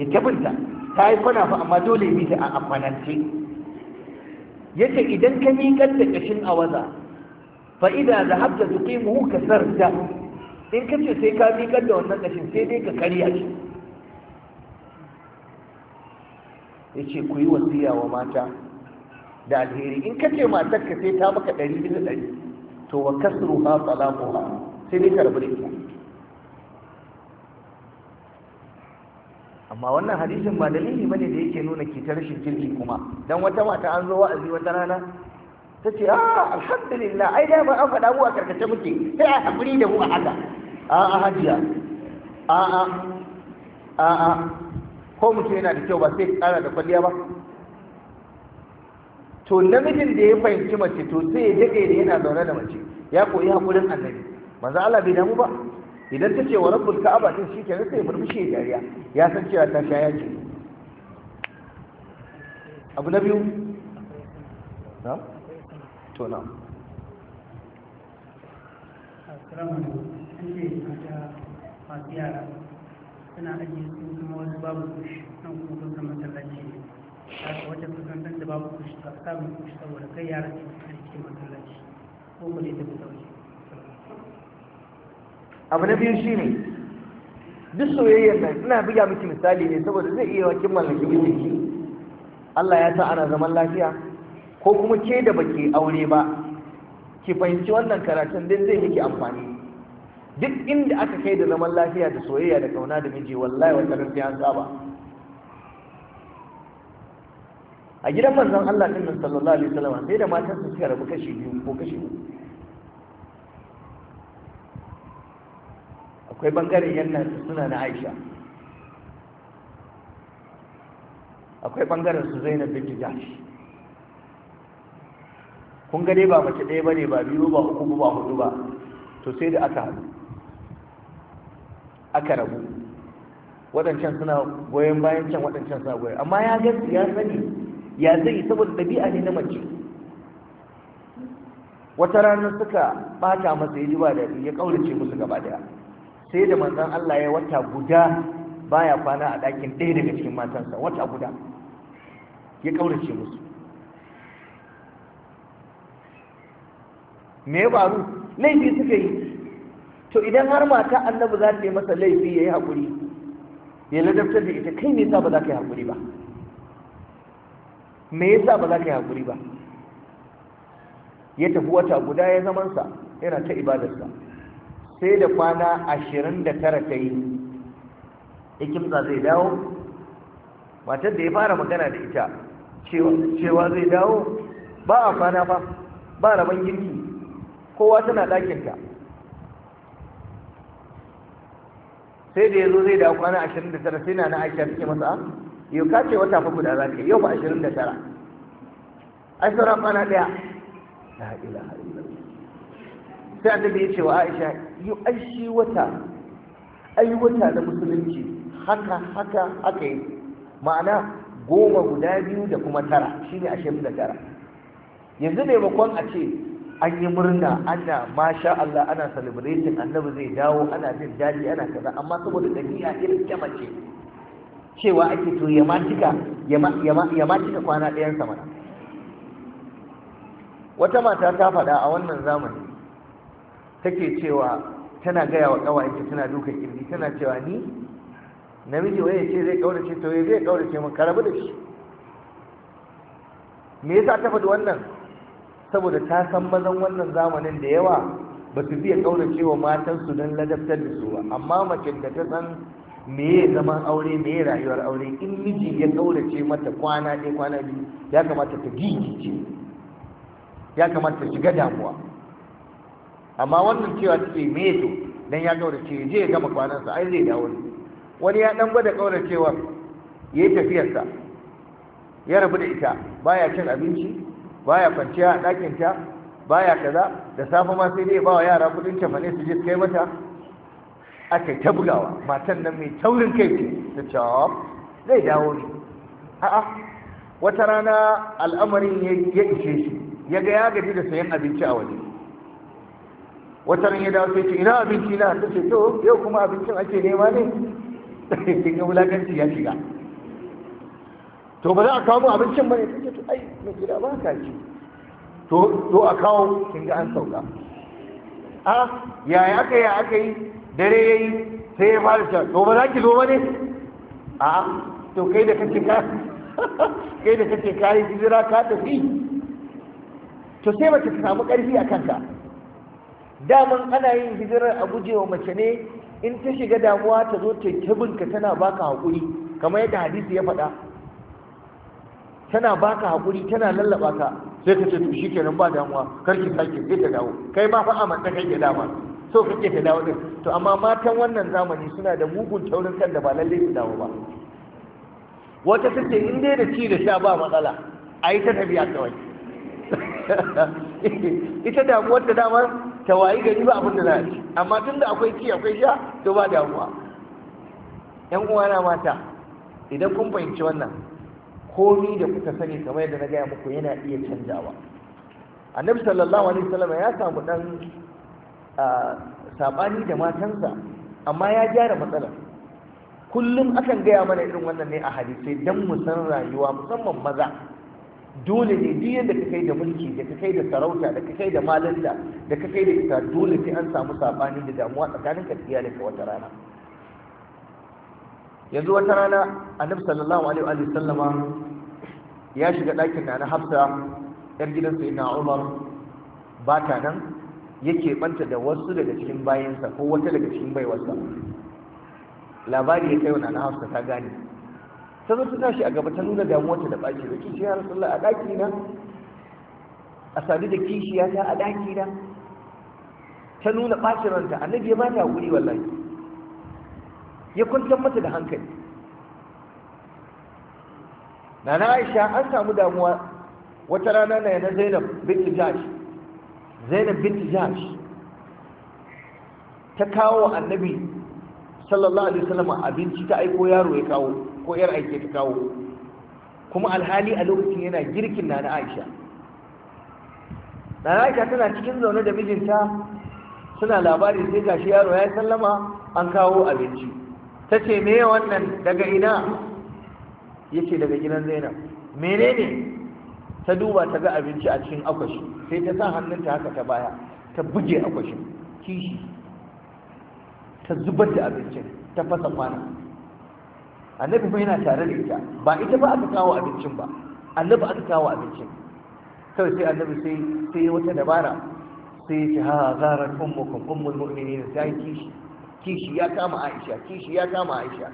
ya tabinta ta yi kwana fa amma dole ya miji a amfanance yace idan ka mi kanta kashin a waza fa idza dhahabta tuqimuhu kasarta in ka ce sai ka mi kanta wannan kashin sai dai ka karya shi yace ku yi wasiya wa mata da alheri in kace matar ka sai ta maka ɗari bisa ɗari to wa kasru ha ha sai dai ka rabu da ita amma wannan hadisin ba dalili bane da yake nuna kitar rashin jirgi kuma dan wata mata an zo wa'azi wata rana ta ce ah alhamdulillah ai da ba an faɗa mu a karkace muke sai a haƙuri da mu a haka a a hajiya a a a a ko mutum yana da kyau ba sai ƙara da kwalliya ba to namijin da ya fahimci mace to sai ya daɗe da yana zaune da mace ya koyi hakurin annabi manzo Allah bai damu ba idan ta ce wa rabbul ka'aba din shi kenan sai murmushi dariya ya san cewa ta shaya ce abu na biyu na to na masu yara suna ajiye su kuma wasu babu kushi nan kuma kusa masallaci haka wajen da babu saboda kai yaran a ko ku tafi sauki abu na biyu shi ne. duk soyayyar nan ina buga miki misali ne saboda zai iya wakin mallaki mijinki Allah ya sa ana zaman lafiya ko kuma ke da baki aure ba ki fahimci wannan karatun din zai miki amfani duk inda aka kai da zaman lafiya da soyayya da kauna da miji wallahi wata ran an saba a gidan manzon Allah din nan sallallahu alaihi wasallam sai da matan su suka rabu kashi biyu ko kashi uku akwai bangaren yanna suna na Aisha akwai bangaren su Zainab binti Jahsh kun ga dai ba mace ɗaya bane ba biyu ba uku ba hudu ba to sai da aka aka rabu waɗancan suna goyon bayan can waɗancan suna goyon amma ya gaskiya sani ya zai saboda ɗabi'a ne na mace wata ranar suka ɓata masa ya ji ba daɗi ya ƙaurace musu gaba daya sai da manzon Allah ya wata guda baya kwana a ɗakin ɗaya daga cikin matansa wata guda ya ƙaurace musu me ya faru laifi suka yi to idan har mata annabi za ta yi masa laifi ya yi haƙuri ya ladabtar da ita kai ne sa ba za ka yi haƙuri ba me yasa ba za ka yi hakuri ba ya tafi wata guda ya zamansa yana ta ibadarsa sai da kwana ashirin da tara ta yi ikimsa zai dawo matar da ya fara magana da ita cewa zai dawo ba a kwana ba ba rabon girki kowa tana ɗakinta sai da ya zo zai dawo kwana ashirin da tara sai na na a cikin masa ah, yau ka ce wata fa guda za ka yau ba ashirin da tara ai sauran kwana ɗaya la ilaha illallah sai annabi ya ce wa aisha yau. ai shi wata ai wata na musulunci haka haka haka yi ma'ana goma guda biyu da kuma tara shine ashirin da tara yanzu maimakon a ce an yi murna ana masha Allah ana celebrating annabi zai dawo ana jin daɗi ana kaza amma saboda dabi'a irin kyamace cewa ake to ya matika ya matika kwana ɗayan sama wata mata ta faɗa a wannan zamani take cewa tana gaya wa ƙawayenta tana dukan kirji tana cewa ni namiji waye ce zai ƙaurace to ya zai ƙaurace mun karabu da shi me yasa ta faɗi wannan saboda ta san mazan wannan zamanin da yawa ba su fiye ƙaurace wa matansu don ladabtar da su ba amma mace da ta san ya zaman aure ya rayuwar aure in miji ya kaurace mata kwana ɗaya kwana biyu ya kamata ta gigice ya kamata ta shiga damuwa amma wannan cewa take me to dan ya kaurace je ya gama kwanansa ai zai dawo ne wani ya dan gwada kauracewar ya yi tafiyarsa ya rabu da ita baya cin abinci baya kwanciya a ɗakinta baya kaza da safe ma sai dai ba wa yara kudin cefane su je kai mata aka ta bugawa matan nan mai taurin kai ce ta ce zai dawo ne a'a wata rana al'amarin ya ishe shi ya ga ya gaji da sayan abinci a waje wata ran ya dawo sai ce ina abinci na ta ce to yau kuma abincin ake nema ne kin ga wulakanci ya shiga to ba za a kawo abincin ba ne ta ce to ai mai gida ba ka ci to to a kawo kin ga an sauka a yaya aka yi aka yi dare ya yi sai ya fara cewa to ba za ki zo ba ne a to kai da kake ka kai da kake ka yi hijira ka tafi to sai mace ta samu ƙarfi a kanka daman ana yin hijirar a gujewa mace ne in ta shiga damuwa ta zo ta tabinka tana baka haƙuri kamar yadda hadisi ya faɗa tana baka haƙuri tana lallaba ka sai ka ce to shikenan ba damuwa kar ki sake sai ta dawo kai ma fa a manta ke dama so kake ta dawo din to amma matan wannan zamani suna da mugun taurin kan da ba lalle su dawo ba wata ta ce in dai da ci da sha ba matsala a yi ta tafiya kawai ita damuwar da damar ta wayi gari ba abin da za a ci amma tun da akwai ci akwai sha to ba damuwa yan uwana mata idan kun fahimci wannan komi da kuka sani kamar yadda na gaya muku yana iya canjawa annabi sallallahu alaihi wasallam ya samu dan saɓani da matansa amma ya gyara matsalar kullum akan gaya mana irin wannan ne a hadisai don mu san rayuwa musamman maza dole ne duk yadda ka kai da mulki da ka kai da sarauta da ka kai da malinta da ka kai da ita dole sai an samu saɓani da damuwa tsakanin ka da ka wata rana yanzu wata rana annabi sallallahu alaihi wa sallama ya shiga ɗakin na na hafsa yar gidan sayyidina umar ba ta nan yake banta da wasu daga cikin bayansa ko wata daga cikin baiwarsa labari ya kai wani nana hafsa ta gane ta zo ta tashi a gaba ta nuna damuwarta da baki da kishi ya rasulullah a daki na a sadu da ya ta a daki na ta nuna bacin ranta annabi ya ba ta wuri wallahi ya kwantar mata da hankali nana aisha an samu damuwa wata rana na yana zainab bin jashi zainab binti jahsh ta kawo annabi sallallahu alaihi wasallam abinci ta aiko yaro ya kawo ko yar aike ta kawo kuma alhali a lokacin yana girkin na na aisha na aisha tana cikin zaune da mijinta suna labari sai gashi yaro ya sallama an kawo abinci ta ce me wannan daga ina yace daga gidan zainab menene ta duba ta ga abinci a cikin akwashi sai ta sa hannunta haka ta baya ta buge akwashin kishi ta zubar da abincin ta fasa kwana annabi fa yana tare da ita ba ita ba aka kawo abincin ba annabi aka kawo abincin kawai sai annabi sai sai wata dabara sai ya ha zarar ummukum ummul mu'minin sai kishi kishi ya kama Aisha kishi ya kama Aisha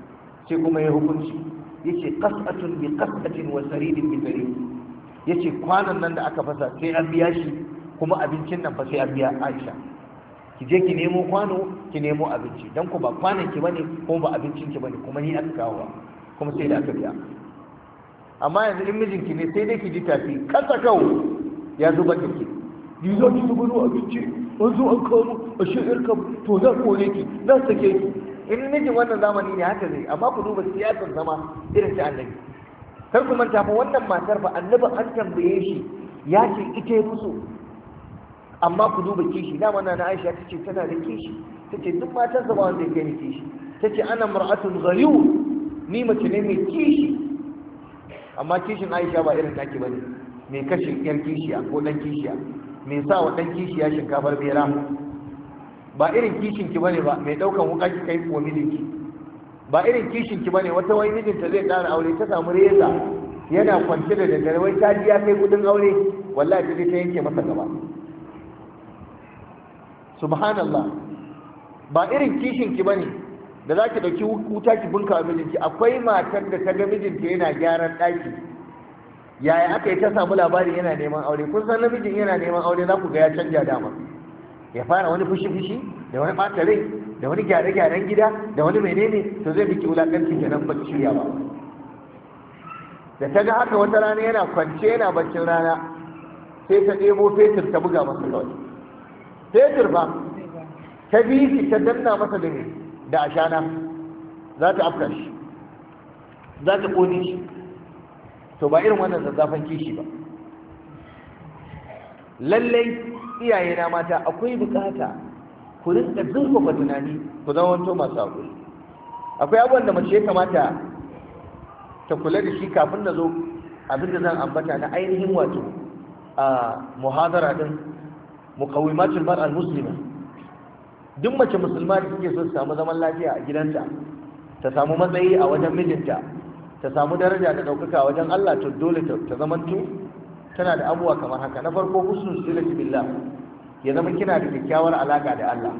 sai kuma ya hukunci yace qas'atun bi qas'atin wa saridin bi sarid ya ce kwanan nan da aka fasa sai an biya shi kuma abincin nan fa sai an biya aisha ki je ki nemo kwano ki nemo abinci don ku ba kwanan ki bane kuma ba abincin ki bane kuma ni aka kawo kuma sai da aka biya amma yanzu in mijinki ne sai dai ki ji tafi kasa kawo ya zuba ki ki ni za ki zuba no abinci an zo an kawo a yar kam to za kore ki za sake ki in mijin wannan zamani ne haka zai amma ku duba siyasar zama irin ta annabi kar ku manta fa wannan matar ba annabi an tambaye shi ya ce ita musu amma ku duba kishi dama na na Aisha tace tana da kishi tace duk matar ba wanda yake ni kishi tace ana mar'atun ghaliw ni mace ne mai kishi amma kishin Aisha ba irin naki bane mai kashe yar kishiya ko dan kishiya mai sa wa dan kishiya shinkafar bera ba irin kishin ki bane ba mai daukan wuka ki kai ko mijinki ba irin kishin ki bane wata wai mijinta zai ƙara aure ta samu reza yana kwance da daddare wai ta ji ya kai kudin aure wallahi ta ta yanke masa gaba subhanallah ba irin kishin ki bane da zaki dauki wuta ki bunka mijinki akwai matar da ta ga mijinta yana gyaran daki yaya aka yi ta samu labari yana neman aure kun san namijin yana neman aure za ku ga ya canja dama ya fara wani fushi fushi da wani ɓata rai da wani gyare gyaren gida da wani menene to zai miki da kenan ba shirya ba da ta ga haka wata rana yana kwance yana bakin rana sai ta ɗebo fetur ta buga masa kawai fetur ba ta bi shi ta danna masa da da ashana za ta afka shi za ta ƙone shi to ba irin wannan zazzafan kishi ba lallai iyaye na mata akwai bukata ku rinka zurfafa tunani ku zama wato masu haƙuri akwai abubuwan da mace ya kamata ta kula da shi kafin na zo abin da zan ambata na ainihin wato a muhadara din muqawimatul al muslima duk mace musulma da take so ta samu zaman lafiya a gidanta ta samu matsayi a wajen mijinta ta samu daraja da ɗaukaka wajen Allah to dole ta zamanto tana da abuwa kamar haka na farko husnul silati billah ya zama kina da kyakkyawar alaka da Allah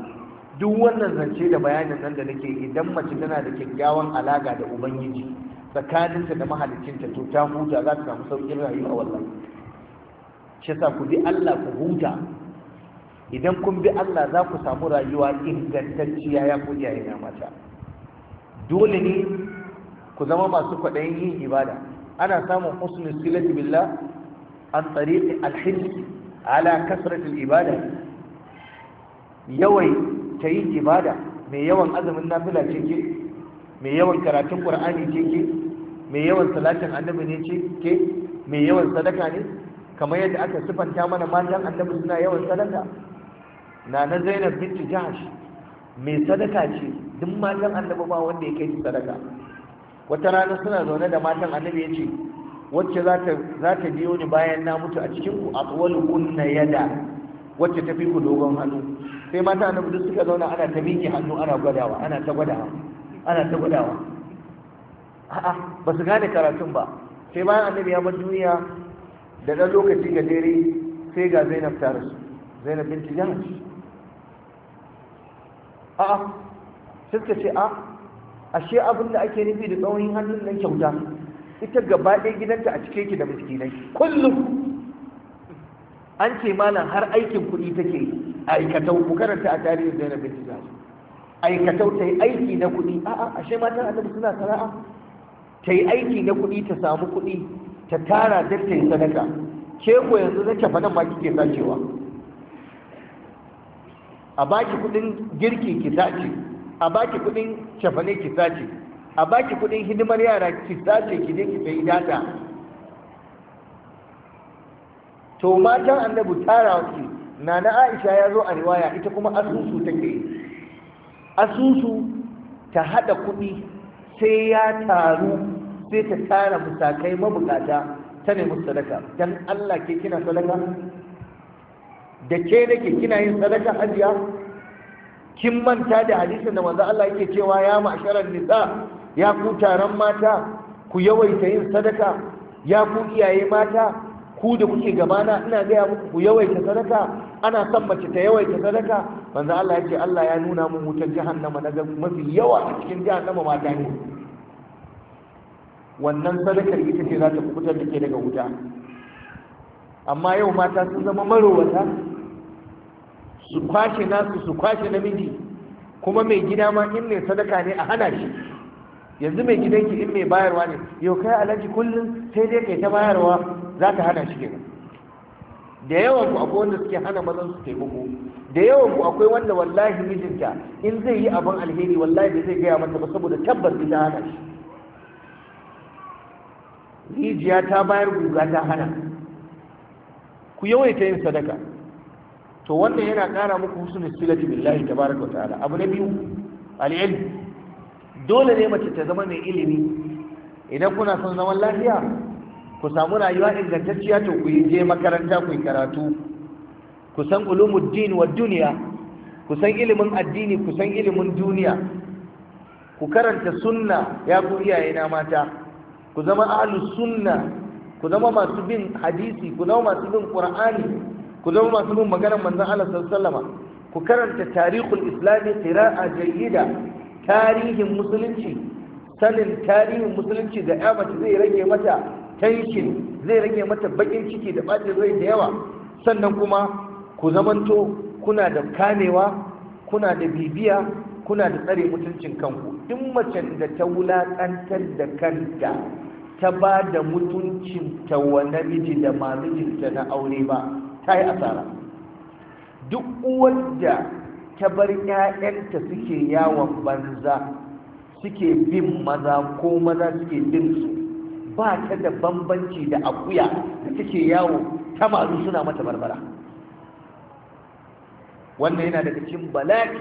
duk wannan zance da bayanin nan da nake idan mace tana da kyakkyawan alaka da ubangiji tsakaninta da mahalicinta to ta huta za ta samu saukin rayuwa wallahi shi yasa ku bi Allah ku huta idan kun bi Allah za ku samu rayuwa ingantacciya ya ku iyaye na mata dole ne ku zama masu kwaɗayin yin ibada ana samun husnul silati billah an tsariƙi alhirsi ala kasratul ibada yawai ta yi ibada mai yawan azumin nafila ce ke mai yawan karatun ƙur'ani ce ke mai yawan salatin annabi ne ce ke mai yawan sadaka ne kamar yadda aka sifanta mana matan annabi suna yawan sadaka na na zainab binti jahash mai sadaka ce duk matan annabi ba wanda ya kai sadaka wata rana suna zaune da matan annabi ya ce wacce za ta biyo ni bayan na mutu a cikin ku atwalu kunna yada wacce ta fi ku dogon hannu sai mata annabi duk suka zauna ana ta miƙe hannu ana gwadawa ana ta gwadawa ana ta gwadawa a'a ba su gane karatun ba sai bayan annabi ya bar duniya da ɗan lokaci ga dare sai ga zainab ta rasu zainab binti jahash a'a suka ce a ashe abin da ake nufi da tsawon hannun nan kyauta ita gaba ɗaya gidanta a cike ki da miskinai kullum an ce malam har aikin kuɗi take yi aikatau ku karanta a tarihin zainab bin jahsh aikatau ta yi aiki na kuɗi a'a ashe matan annabi suna sana'a ta yi aiki na kuɗi ta samu kuɗi ta tara da ta yi sadaka ke ko yanzu na tafa nan ma kike sacewa a baki kuɗin girki ki sace a baki kuɗin ne ki sace a baki kudin hidimar yara ki sace ki je ki sayi data to matan annabi tara ki nana aisha ya zo a riwaya ita kuma asusu take asusu ta hada kudi sai ya taru sai ta tara musakai mabukata ta nemi sadaka dan Allah ke kina sadaka da ke nake kina yin sadaka hajiya kin manta da hadisin da manzo Allah yake cewa ya ma'sharar nisa ya ku taron mata ku yawaita yin sadaka ya ku iyaye mata ku da kuke gabana ina gaya muku ku yawaita sadaka ana son mace ta yawaita sadaka manzo Allah yake Allah ya nuna mu wutar jahannama na mafi yawa a cikin jahannama mata ne wannan sadakar ita ce za ta kubutar da ke daga wuta amma yau mata sun zama marowata su kwashe nasu su kwashe namiji kuma mai gida ma in mai sadaka ne a hana shi yanzu mai gidanki in mai bayarwa ne yau kai alhaji kullum sai dai kai ta bayarwa za ta hana shi kenan da yawan ku akwai wanda suke hana mazan su taimako da yawan ku akwai wanda wallahi mijinta in zai yi abin alheri wallahi bai zai gaya mata ba saboda tabbas ita hana shi rijiya ta bayar guga ta hana ku yawaita yin sadaka to wannan yana ƙara muku husnul silati billahi tabaraka wa ta'ala abu na biyu al'ilm dole ne mace ta zama mai ilimi idan kuna son zaman lafiya ku samu rayuwa ingantacciya to ku yi je makaranta ku yi karatu ku san ulumuddin wa duniya ku san ilimin addini ku san ilimin duniya ku karanta sunna ya ku iyaye na mata ku zama ahlus sunna ku zama masu bin hadisi ku zama masu bin qur'ani ku zama masu bin maganar manzon Allah sallallahu alaihi wasallam ku karanta tarihul islami qira'a jayyida tarihin musulunci sanin tarihin musulunci da ya mace zai rage mata tension zai rage mata bakin ciki da ɓacin rai da yawa sannan kuma ku zamanto kuna da kamewa kuna da bibiya kuna da tsare mutuncin kanku duk macen da ta wulaƙantar da kanta ta ba da mutuncin ta wa namiji da mamijinta na aure ba ta yi asara duk wadda ta bar ƴaƴanta suke yawon banza suke bin maza ko maza suke bin su ba ta da bambanci da akuya da take yawo ta masu suna mata barbara wannan yana daga cikin bala'i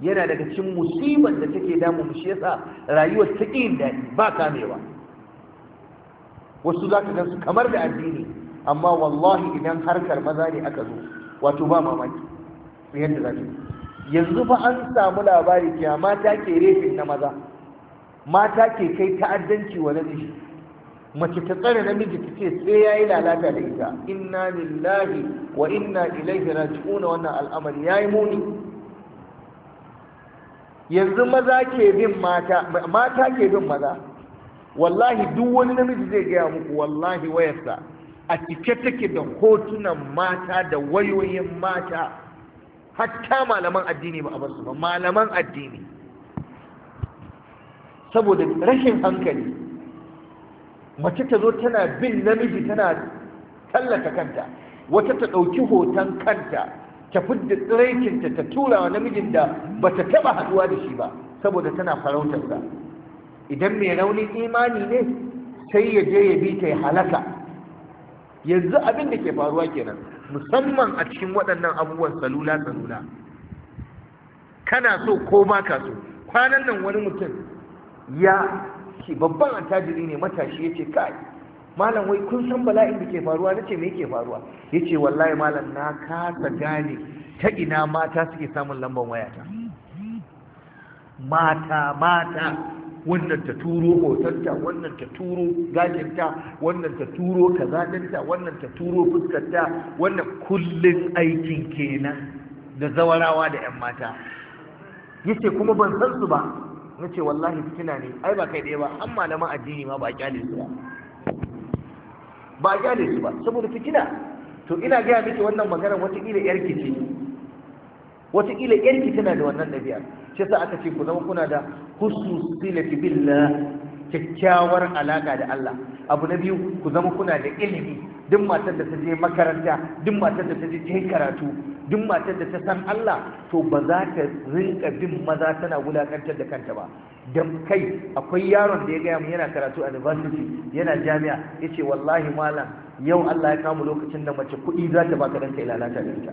yana daga cikin musibar da take damu mu shi yasa rayuwar ta ƙin daɗi ba kamewa wasu za ka gan kamar da addini amma wallahi idan harkar maza ne aka zo wato ba mamaki yadda za ta yi yanzu fa an samu labari cewa mata ke refin na maza mata ke kai ta'addanci wa namiji mace ta tsare namiji ta ce sai ya yi lalata da ita inna lillahi wa inna ilaihi raji'un wannan al'amari yi muni yanzu maza ke bin mata mata ke bin maza wallahi duk wani namiji zai gaya muku wallahi wayarsa a cike take da hotunan mata da wayoyin mata hatta malaman addini ba a basu ba malaman addini saboda rashin hankali mace ta zo tana bin namiji tana tallata kanta wata ta ɗauki hoton kanta ta fidda tsiraikinta, ta tura wa namijin da ba ta taɓa haɗuwa da shi ba saboda tana farautarsa idan mai raunin imani ne sai ya je ya bi ta ya halaka yanzu abin da ke faruwa kenan musamman a cikin waɗannan abubuwan salula salula kana so ko ba ka so kwanan nan wani mutum ya ce babban attajiri ne matashi ya ce kai malam wai kun san bala'in da ke faruwa na ce me ke faruwa ya ce wallahi malam na kasa gane ta ina mata suke samun lambar wayata mata mata wannan ta turo hotonta wannan ta turo gajinta wannan ta turo kazaninta wannan ta turo fuskarta wannan kullum aikin kenan da zawarawa da 'yan mata Ya ce kuma ban san su ba ce wallahi fitina ne ai ba kai ɗaya ba an malaman addini ma ba kyale su ba ba kyale su ba saboda fitina to ina gaya miki wannan magana watakila yarki ce Watakila yarki tana da wannan ɗabi'a shi yasa aka ce ku zama kuna da husnu silati billah kyakkyawar alaka da Allah abu na biyu ku zama kuna da ilimi duk matar da ta je makaranta duk matar da ta je cikin karatu duk matar da ta san Allah to ba za ta rinka bin maza tana wulakantar da kanta ba dan kai akwai yaron da ya gaya mu yana karatu a university yana jami'a yace wallahi malam yau Allah ya kamu lokacin da mace kuɗi za ta baka dan kai lalata da ita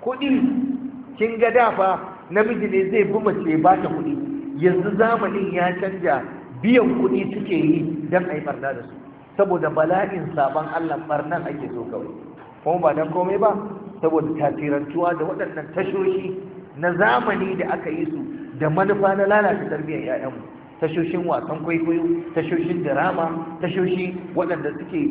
kuɗi kin ga da fa. namiji ne zai bi mace ba ta kuɗi yanzu zamanin ya canja biyan kuɗi suke yi don a yi barna da su saboda bala'in sabon allah barnan ake so kawai kuma ba don komai ba saboda tasirantuwa da waɗannan tashoshi na zamani da aka yi su da manufa na lalata tarbiyyar 'ya'yanmu tashoshin wasan kwaikwayo tashoshin drama tashoshi waɗanda suke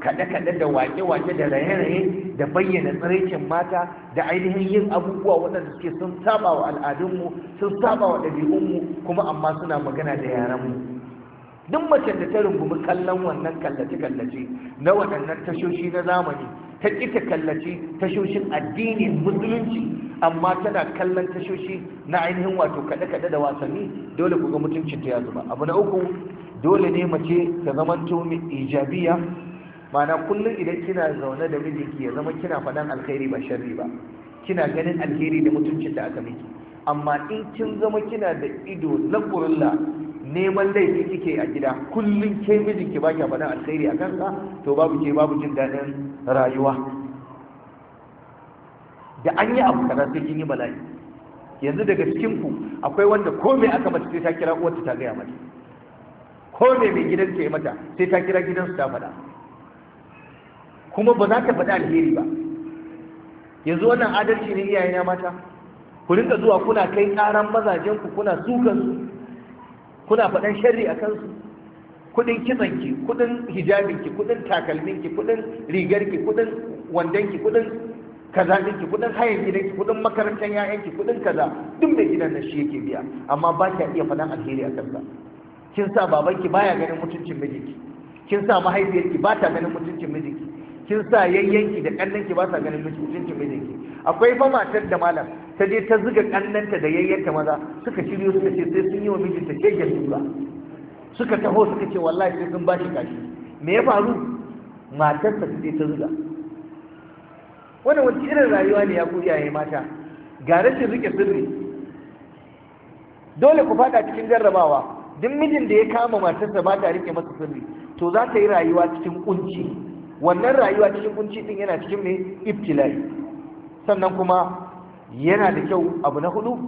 kaɗe-kaɗe da wake-wake da raye-raye da bayyana tsiraicin mata da ainihin yin abubuwa waɗanda suke sun saba wa al'adunmu sun saba wa ɗabi'unmu kuma amma suna magana da yaranmu duk macen da ta rungumi kallon wannan kallace-kallace na waɗannan tashoshi na zamani ta ƙi kallaci tashoshin addinin musulunci amma tana kallon tashoshi na ainihin wato kaɗe-kaɗe da wasanni dole ku ga mutuncin ta ya zuba abu na uku dole ne mace ta zama tomi ijabiya Mana kullum idan kina zaune da mijinki ya zama kina faɗan alkhairi ba sharri ba kina ganin alheri da mutuncin da aka miki amma in kin zama kina da ido na kurulla neman laifi kike a gida kullum ke mijinki ba a faɗin alkhairi a kanka to babu ke babu jin daɗin rayuwa da an yi abu kaza sai kin yi bala'i yanzu daga cikin ku akwai wanda ko me aka mace sai ta kira uwarta ta gaya mata ko me mai gidan ke mata sai ta kira gidansu ta faɗa kuma ba za ta faɗi alheri ba yanzu wannan adalci ne iyayen mata ku rinka zuwa kuna kai ƙaran mazajen ku kuna sukan su kuna faɗan sharri a kansu kudin kitsanki kudin hijabinki kudin takalminki kudin rigarki kudin wandonki kudin kaza kuɗin kudin hayan gidanki kudin makarantar yayanki kudin kaza duk mai gidan nan shi yake biya amma ba ki iya faɗan alheri a kansa kin sa babanki baya ganin mutuncin mijinki kin sa mahaifiyarki ba ta ganin mutuncin mijinki kin sa yayyanki da ƙannanki ba sa ganin mutuncin mijinki akwai fa matar da malam ta je ta zuga kannanta da yayyanta maza suka shiryo suka ce sai sun yi wa mijinta shegen dura suka taho suka ce wallahi sai sun bashi kashi me ya faru matarsa ta je ta zuga wannan wani irin rayuwa ne ya ku iyaye mata ga rashin rike sirri dole ku fada cikin jarrabawa duk mijin da ya kama matarsa ba ta rike masa sirri to za ta yi rayuwa cikin kunci wannan rayuwa cikin kunci din yana cikin me ibtilai sannan kuma yana da kyau abu na hudu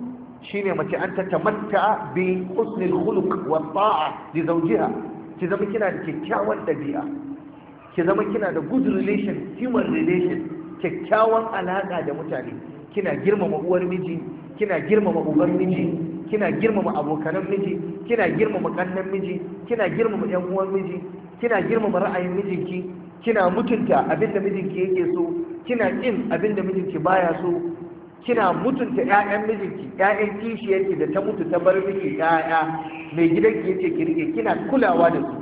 shine mace an ta tamatta bi husnil khuluq wa ta'a li zawjiha ki zama kina da kyakkyawan dabi'a ki zama kina da good relation human relation kyakkyawan alaƙa da mutane kina girmama uwar miji kina girmama uban miji kina girmama abokanan miji kina girmama kannan miji kina girmama yan uwan miji kina girmama ra'ayin mijinki kina mutunta abinda mijinki yake so kina kin abinda mijinki baya so kina mutunta ƴaƴan mijinki ƴaƴan kishiyarki da ta mutu ta bar miki ƴaƴa mai gidanki yace ki rike kina kulawa da su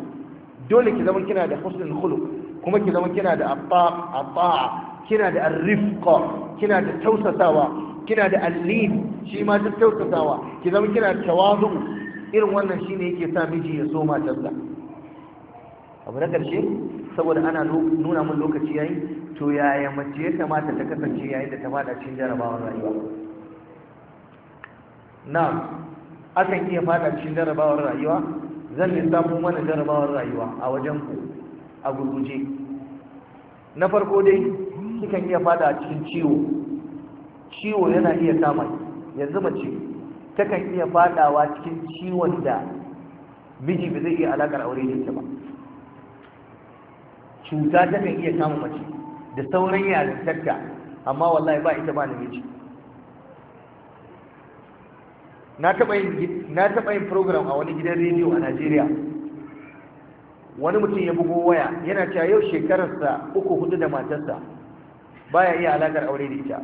dole ki zama kina da husnul khuluq kuma ki zama kina da abba kina da arrifqa kina da tausasawa kina da allin shi ma ta tausasawa ki zama kina da tawazu irin wannan shine yake sa miji ya so matarsa abu na karshe saboda ana nuna mun lokaci yayi to yaya mace ya kamata ta kasance yayi da ta fada cikin jarabawar rayuwa na akan iya fada cikin jarabawar rayuwa zan lissafo mana jarabawar rayuwa a wajen ku a gurguje na farko dai kikan iya fada cikin ciwo ciwo yana iya kama yanzu mace takan iya fadawa cikin ciwon da miji ba zai iya alakar aure da ba cuta ta kan iya kama mace da sauran yarintarta amma wallahi ba ita ba namiji na taɓa yin na taɓa yin program a wani gidan rediyo a Najeriya wani mutum ya bugo waya yana cewa yau shekararsa uku hudu da matarsa baya iya alakar aure da ita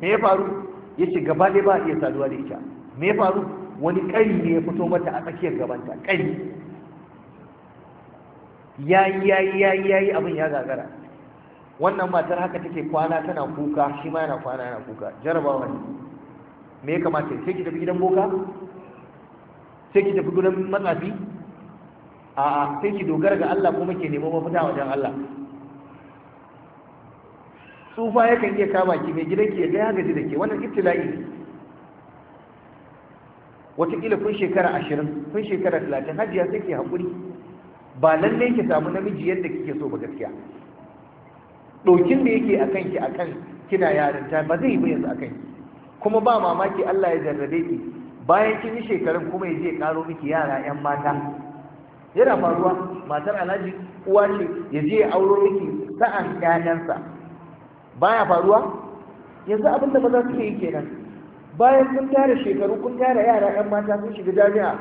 me ya faru ya ce gaba ɗaya ba iya saduwa da ita me ya faru wani ƙari ne ya fito mata a tsakiyar gabanta ƙari yayi yayi yayi yayi abin ya gagara wannan matar haka take kwana tana kuka shi ma yana kwana yana kuka jarabawa ne me ya kamata sai ki tafi gidan boka sai ki tafi gidan matsafi a'a sai ki dogara ga Allah kuma ke nemo mafita wajen Allah tsufa yakan iya kama ki mai gidanki ya gaya gaji da ke wannan ibtila'i wataƙila kun shekara ashirin kun shekara talatin hajiya sai ke haƙuri ba lallai ki samu namiji yadda kike so ba gaskiya dokin da yake a kanki a kan kina ta ba zai yi yanzu a kanki kuma ba mamaki Allah ya jarrabe ki bayan kin yi shekarun kuma ya je karo miki yara yan mata yana faruwa matar alhaji uwa ce ya je ya auro miki sa'an ƴaƴansa baya faruwa yanzu abin da maza suke yi kenan bayan kun tara shekaru kun tara yara yan mata sun shiga jami'a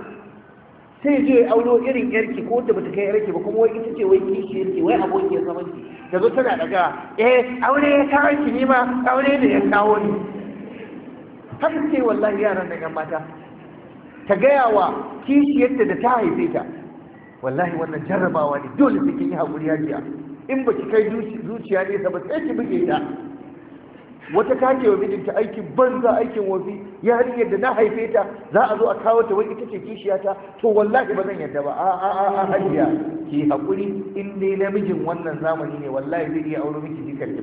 sai je auro irin yarki ko da bata kai yarki ba kuma wai ita ce wai kishi yarki wai abokiyar zaman ki da zo tana daga eh aure ya kawo ki aure da ya kawo ni haka ce wallahi yaran da yan mata ta gaya wa kishi yadda da ta haife ta wallahi wannan jarrabawa ne dole sai kin yi hakuri jiya. in ba ki kai zuciya ne ba sai ki buge ta wata ta ke wa mijinta aikin banza aikin Ya yarinyar da na haife ta za a zo a kawo ta wai ita ce ta? to wallahi ba zan yarda ba a a a hajiya ki haƙuri in dai namijin wannan zamani ne wallahi zai iya aure miki jikar ki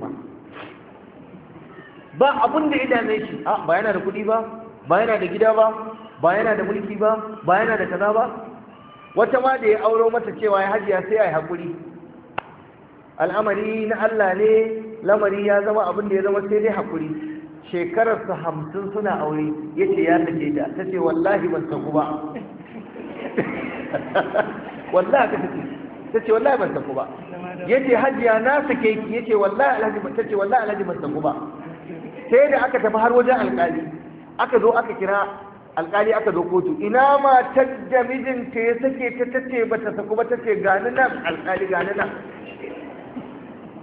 ba abun da ya shi a ba yana da kuɗi ba ba yana da gida ba ba yana da mulki ba ba yana da kaza ba wata ma da ya auro mata cewa ya hajiya sai a yi haƙuri al'amari na Allah ne lamari ya zama abin da ya zama sai dai hakuri shekararsa hamsin suna aure ya ce ya sake ta ta ce wallahi ban saku ba wallahi ka sake ta ce wallahi ban saku ba ya ce hajiya na sake ki ya ce wallahi alhaji ban saku ba sai da aka tafi har wajen alkali aka zo aka kira alkali aka zo kotu ina matar da mijinta ya sake ta ta ce ba ta saku ba ta ce gani nan alkali gani nan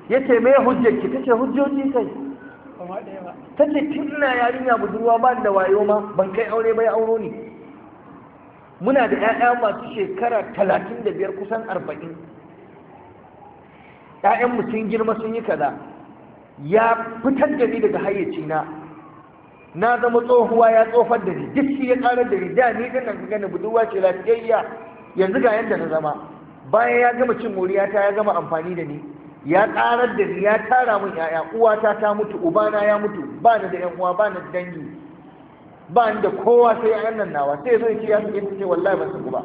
ya ce mai ki, ta ce hujjoji kai ta ce tunna yarinya budurwa ba da wayo ma ban kai aure bai auro ne muna da 'ya'ya masu shekara talatin da biyar kusan arba'in Ya'yan sun girma sun yi kaza ya fitar da ni daga hayyacina na zama tsohuwa ya tsofar da ni duk shi ya karar da ni da ni din nan gane budurwa ce lafiyayya yanzu ga yanda na zama bayan ya gama cin moriya ya gama amfani da ni ya karar da ni ya tara min yaya uwata ta mutu ubana ya mutu ba ni da yan uwa ba ni da dangi ba ni da kowa sai 'yan nan nawa sai zai ce ya sake ce wallahi ban saku ba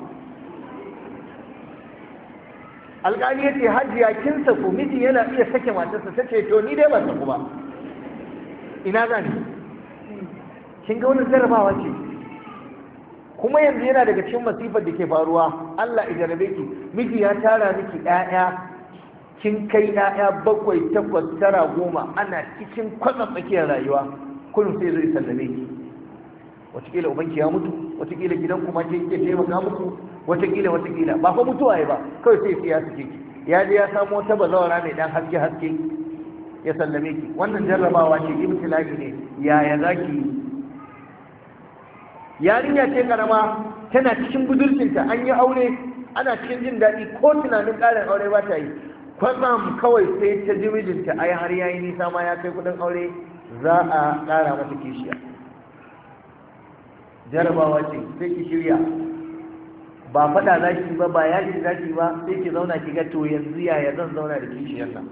alƙali yace hajiya kin saku miji yana iya sake matarsa ce to ni dai ban saku ba ina za ni kin ga wannan jarabawa ce kuma yanzu yana daga cikin masifar da ke faruwa Allah ya jarabe ki miji ya tara miki ƴaƴa kin kai ya bakwai takwas tara goma ana cikin kwatsam tsakiyar rayuwa kullum sai zai sallame ki watakila ubanki ya mutu watakila gidan kuma ke ke taimaka muku watakila watakila ba fa mutuwa ya ba kawai sai ya suke ki ya je ya samo wata bazawara mai dan haske haske ya sallame ki wannan jarrabawa ce ibtila'i ne yaya zaki yarinya ce karama tana cikin budurcinta an yi aure ana cikin jin daɗi ko tunanin ƙarin aure ba ta yi kwatsam kawai sai ta ji mijinta ai har yayi nisa ma ya kai kudin aure za a ƙara mata kishiya jarabawa ce sai ki shirya ba faɗa za ki ba ba yaji za ki ba sai ki zauna ki ga to yanzu yaya zan zauna da kishiyar nan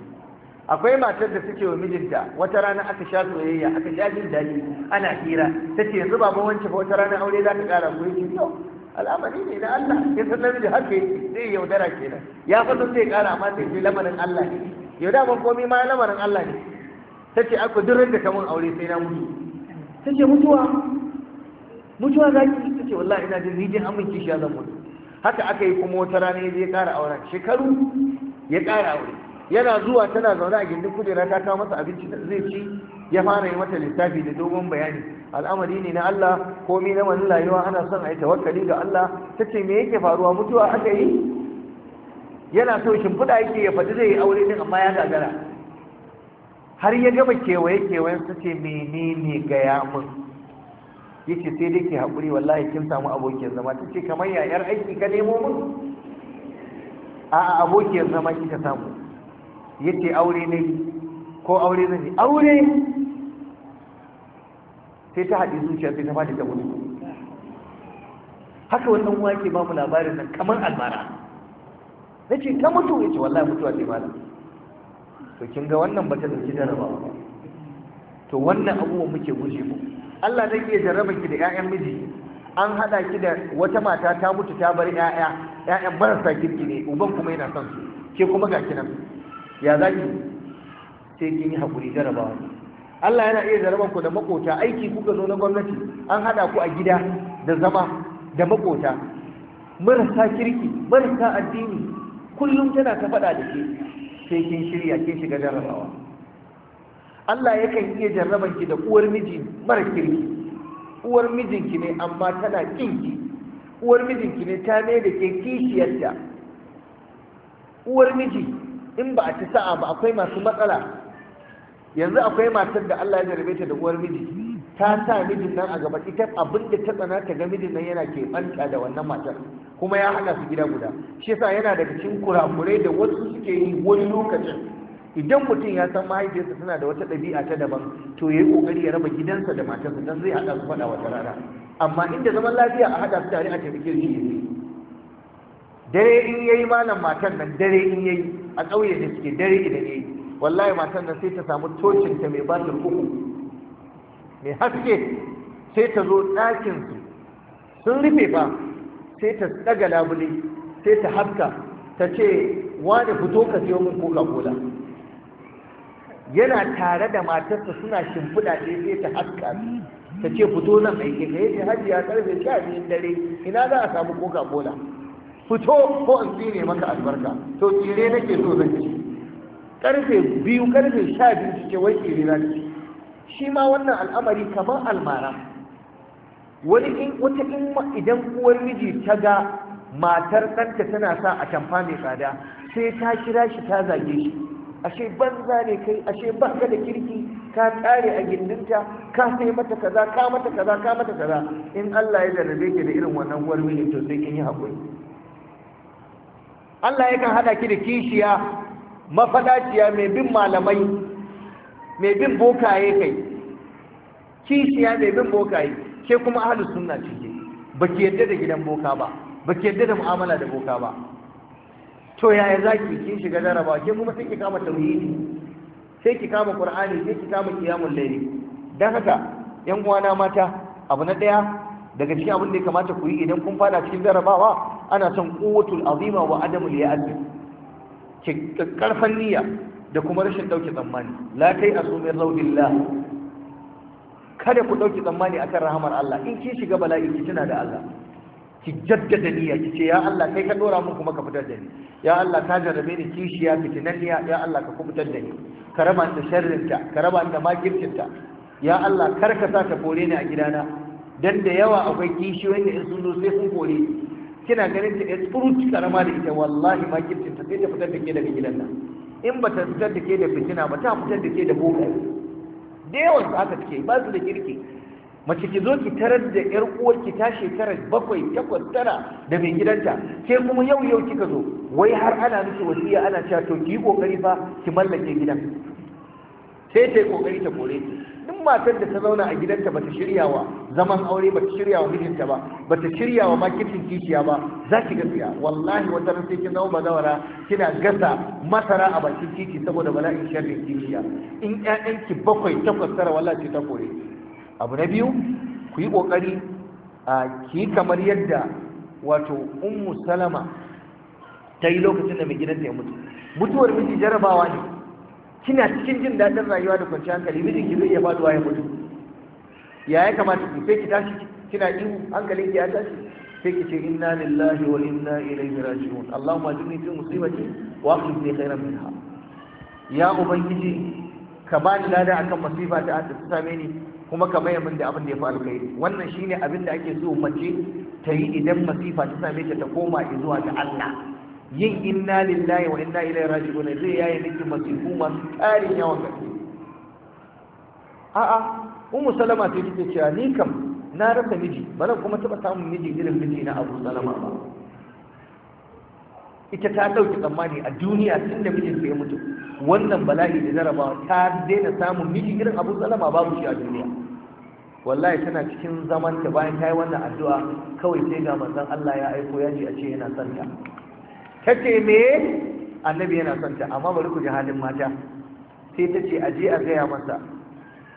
akwai matar da suke wa mijinta wata rana aka sha soyayya aka sha jin daɗi ana hira ta ce yanzu baba wance fa wata rana aure za ta ƙara ku yi yau al'amari ne na Allah ya san namiji haka yake zai yaudara kenan ya fasa zai kara amma sai ce lamarin Allah ne yau da komai ma lamarin Allah ne ta ce aku duk da kamun aure sai na mutu ta ce mutuwa mutuwa za ki ta ce wallahi ina jin rijin amin shi ya zan mutu haka aka yi kuma wata rana ya je kara auren shekaru ya kara aure yana zuwa tana zaune a gindin kujera ta kawo masa abinci zai ci ya fara yi mata littafi da dogon bayani al'amari ne na Allah komai na wani layuwa ana son a yi tawakkali ga Allah ta ce me yake faruwa mutuwa aka yi yana so shimfiɗa yake ya faɗi zai yi aure din amma ya gagara har ya gama kewaye kewayen ta ce ga gaya Ya yake sai dai ke haƙuri wallahi kin samu abokin zama ta ce kamar yayar aiki ka nemo mun a'a abokin zama kika samu ce aure ne ko aure ne, aure sai ta haɗi zuciya sai ta fadi ta mutu haka wannan uwa ke ba mu labarin nan kamar almara na ce ta mutu ya ce wallahi mutuwa ce malam to kin ga wannan ba ta ɗauki ba. to wannan abubuwan muke guje mu Allah zai iya jarraba ki da 'ya'yan miji an haɗa ki da wata mata ta mutu ta bar ƴaƴa 'ya'yan marasa kirki ne uban kuma yana son su ke kuma ga kinan ya zaki? sai kin yi hakuri jarabawa Allah yana iya zaraban ku da makota aiki kuka zo na gwamnati an hada ku a gida da zama da makota marasa kirki marasa addini kullum tana ta faɗa da ke sai kin shirya kin shiga jarrabawa Allah yakan iya jarraban ki da uwar miji mara kirki uwar mijinki ne amma tana kinki uwar mijinki ne ta ne da ke kishiyarta uwar miji in ba a ci sa'a ba akwai masu matsala yanzu akwai matar da Allah ya jarabe ta da uwar miji ta sa mijin nan a gaba ita abin da ta tsana ta ga mijin nan yana banta da wannan matar kuma ya hana su gida guda shi yasa yana daga cikin kurakurai da wasu suke yi wani lokacin idan mutum ya san mahaifiyarsa tana da wata ɗabi'a ta daban to ya yi ƙoƙari ya raba gidansa da matarsa don zai haɗa su faɗa wata rana amma inda zaman lafiya a haɗa su tare a taimake shi ne dare in yayi malam matan nan dare in yayi a ƙauye da suke dare idan yayi wallahi matan nan sai ta samu ta mai batir uku mai haske sai ta zo ɗakinsu sun rufe ba sai ta ɗaga labule sai ta haska ta ce wani fito ka siyo min coca cola yana tare da matarsa suna shimfiɗa ɗaya sai ta haska ta ce fito nan aike ka yace hajiya karfe sha biyun dare ina za a samu koka-kola? fito ko in tsine maka albarka to tsire nake so zan ci karfe biyu karfe sha biyu cike wai tsere na shi ma wannan al'amari kamar almara wani in wata in idan uwar miji ta ga matar ɗanta tana sa a tamfa mai tsada sai ta kira shi ta zage shi ashe banza ne kai ashe ba ka da kirki ka tsare a gindinta ka sai mata kaza ka mata kaza ka mata kaza in Allah ya zarrabe ki da irin wannan uwar miji to sai kin yi hakuri Allah yakan haɗa ki da kishiya mafadaciya mai bin malamai mai bin bokaye kai kishiya mai bin bokaye ke kuma ahalus sunna cike ba ki yadda da gidan boka ba ba ki yadda da mu'amala da boka ba to yaya ki kin shiga jaraba Ke kuma sai ki kama tauhidi sai ki kama qur'ani sai ki kama qiyamul layli dan haka yan uwana mata abu na daya daga cikin abin da ya kamata ku yi idan kun fada cikin jarabawa ana son quwwatul azima wa adamul ya'ad karfan niyya da kuma rashin dauke tsammani la kai asumin raudillah kada ku dauke tsammani akan rahamar Allah in ki shiga bala'i ki tuna da Allah ki jaddada niyya ki ce ya Allah kai ka dora mun kuma ka fitar da ni ya Allah ka jarrabe ni kishiya niyya ya Allah ka kubutar da ni ka raba ni da sharrinta ka raba ni da makircinta ya Allah kar ka sa ta kore ni a gidana dan da yawa akwai kishiyoyin da in sun zo sai sun kore kina ganin ta ɗaya karama da ita wallahi ma kirkin ta sai ta fitar da ke daga gidan nan in ba ta fitar da ke da fitina ba ta fitar da ke da boko. da yawan su aka suke ba su da kirki mace ki zo ki tarar da yar uwarki ta shekara bakwai takwas tara da mai gidanta sai kuma yau yau kika zo wai har ana miki wasiya ana cewa to ki yi kokari fa ki mallake gidan sai ta yi kokari ta kore ki duk matar da ta zauna a gidanta bata shirya wa zaman aure bata shirya wa mijinta ba bata shirya wa makircin kishiya ba za ki gaskiya wallahi wata ran sai kin zama bazawara kina gasa masara a bakin titi saboda bala'in sharrin kishiya in ƴaƴanki bakwai takwas tara wallahi ta kore abu na biyu ku yi kokari a ki kamar yadda wato ummu salama ta yi lokacin da mai gidanta ya mutu mutuwar miji jarabawa ne kina cikin jin daɗin rayuwa da kwanciyar hankali ki zai iya faduwa ya mutu ya ya kamata ki sai ki tashi kina ihu hankalin ki ya tashi sai ki ce inna lillahi wa inna ilaihi raji'un Allahumma jini fi musibati wa aqibni khairan minha ya ubangiji ka bani lada akan masifa ta ta same ni kuma ka maye min da abin da ya faru kai. wannan shine abin da ake so mace ta yi idan masifa ta same ta ta koma zuwa ga Allah yin inna lillahi wa inna ilaihi raji'un zai yayi miki masifu masu tarin yawan gaske a'a ummu salama ta yi cewa ni kam na rasa miji ba zan kuma taba samun miji irin miji na abu salama ba ita ta dauki tsammani a duniya tun da mijinta ya mutu wannan bala'i da jarabawa ta daina samun miji irin abu salama babu shi a duniya wallahi tana cikin zaman ta bayan ta yi wannan addu'a kawai sai ga manzon Allah ya aiko ya a ce yana son ta ta ce me annabi yana son ta amma bari ku ji halin mata sai ta ce aje a gaya masa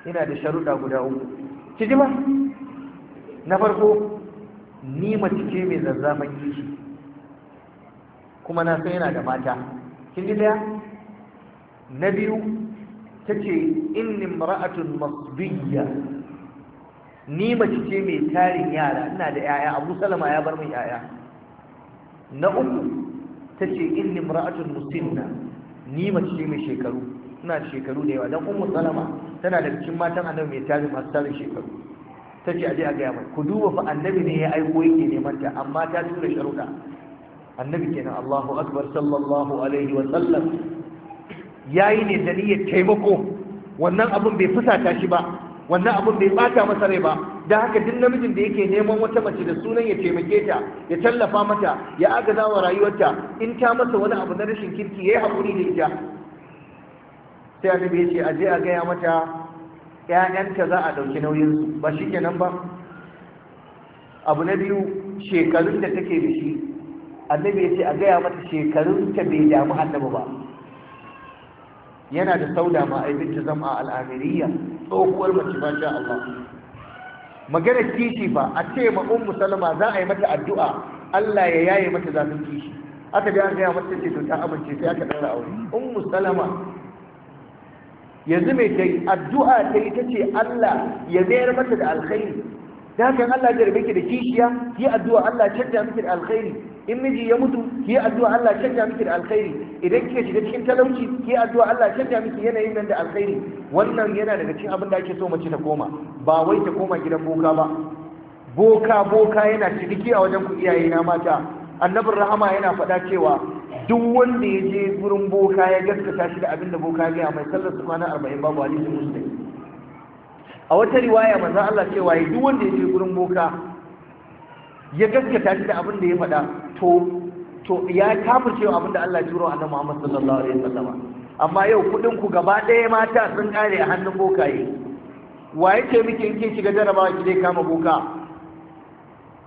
ina da sharuɗa guda uku ki ji ba na farko ni mace ce mai zazzaman kishi kuma na san yana da mata kin ji daya na biyu ta ce inni mara'atun masbiya ni mace ce mai tarin yara ina da yaya abu salama ya bar min yaya na uku ta ce inni mura'atun musinna ni mace ce mai shekaru ina da shekaru da yawa dan ummu salama tana da cikin matan annabi mai tarin masu tarin shekaru ta ce aje a gaya mai ku duba fa annabi ne ya aiko yake neman ta amma ta tura sharuɗa annabi kenan Allahu akbar sallallahu alaihi wa sallam yayi ne da niyyar taimako wannan abun bai fusata shi ba wannan abun bai bata masa rai ba da haka duk namijin da yake neman wata mace da sunan ya taimake ta ya tallafa mata ya agaza wa rayuwarta in ta masa wani abu na rashin kirki ya yi haƙuri da ita sai annabi ya ce a je a gaya mata ‘ya'yanta za a ɗauki su. ba shi kenan ba abu na biyu shekarun da take da shi annabi ya ce a gaya mata shekarun ta bai damu annabi ba yana da sauda ma aibin ta zama al'amiriyya tsohuwar mace ba sha Allah maganar kishi ba a ce ma ummu salama za a yi mata addu'a Allah ya yaye mata zafin kishi aka ji an gaya mata ce to ta amince sai aka dara aure ummu salama yanzu mai ta addu'a ta yi ta ce Allah ya mayar mata da alkhairi dan kan Allah ya rubuke da kishiya yi addu'a Allah ya canja miki da alkhairi in miji ya mutu ki yi addu'a Allah canja miki da alkhairi idan kika shiga cikin talauci ki yi addu'a Allah canja miki yanayin nan da alkhairi wannan yana daga cikin abin da ake so mace ta koma ba wai ta koma gidan boka ba boka boka yana ciniki a wajen ku iyaye na mata annabin rahama yana faɗa cewa duk wanda ya je gurin boka ya gaskata shi da abin da boka ya mai sallar su kwana arba'in babu hadisi muslim a wata riwaya manzo Allah cewa duk wanda ya je gurin boka ya gaskata shi da abin da ya faɗa to to ya kafircewa abin da Allah ya turo annabi Muhammad sallallahu alaihi wasallam amma yau kudin ku gaba ɗaya mata sun kare a hannun bokaye wa yake miki in kin shiga jarabawa ki dai kama boka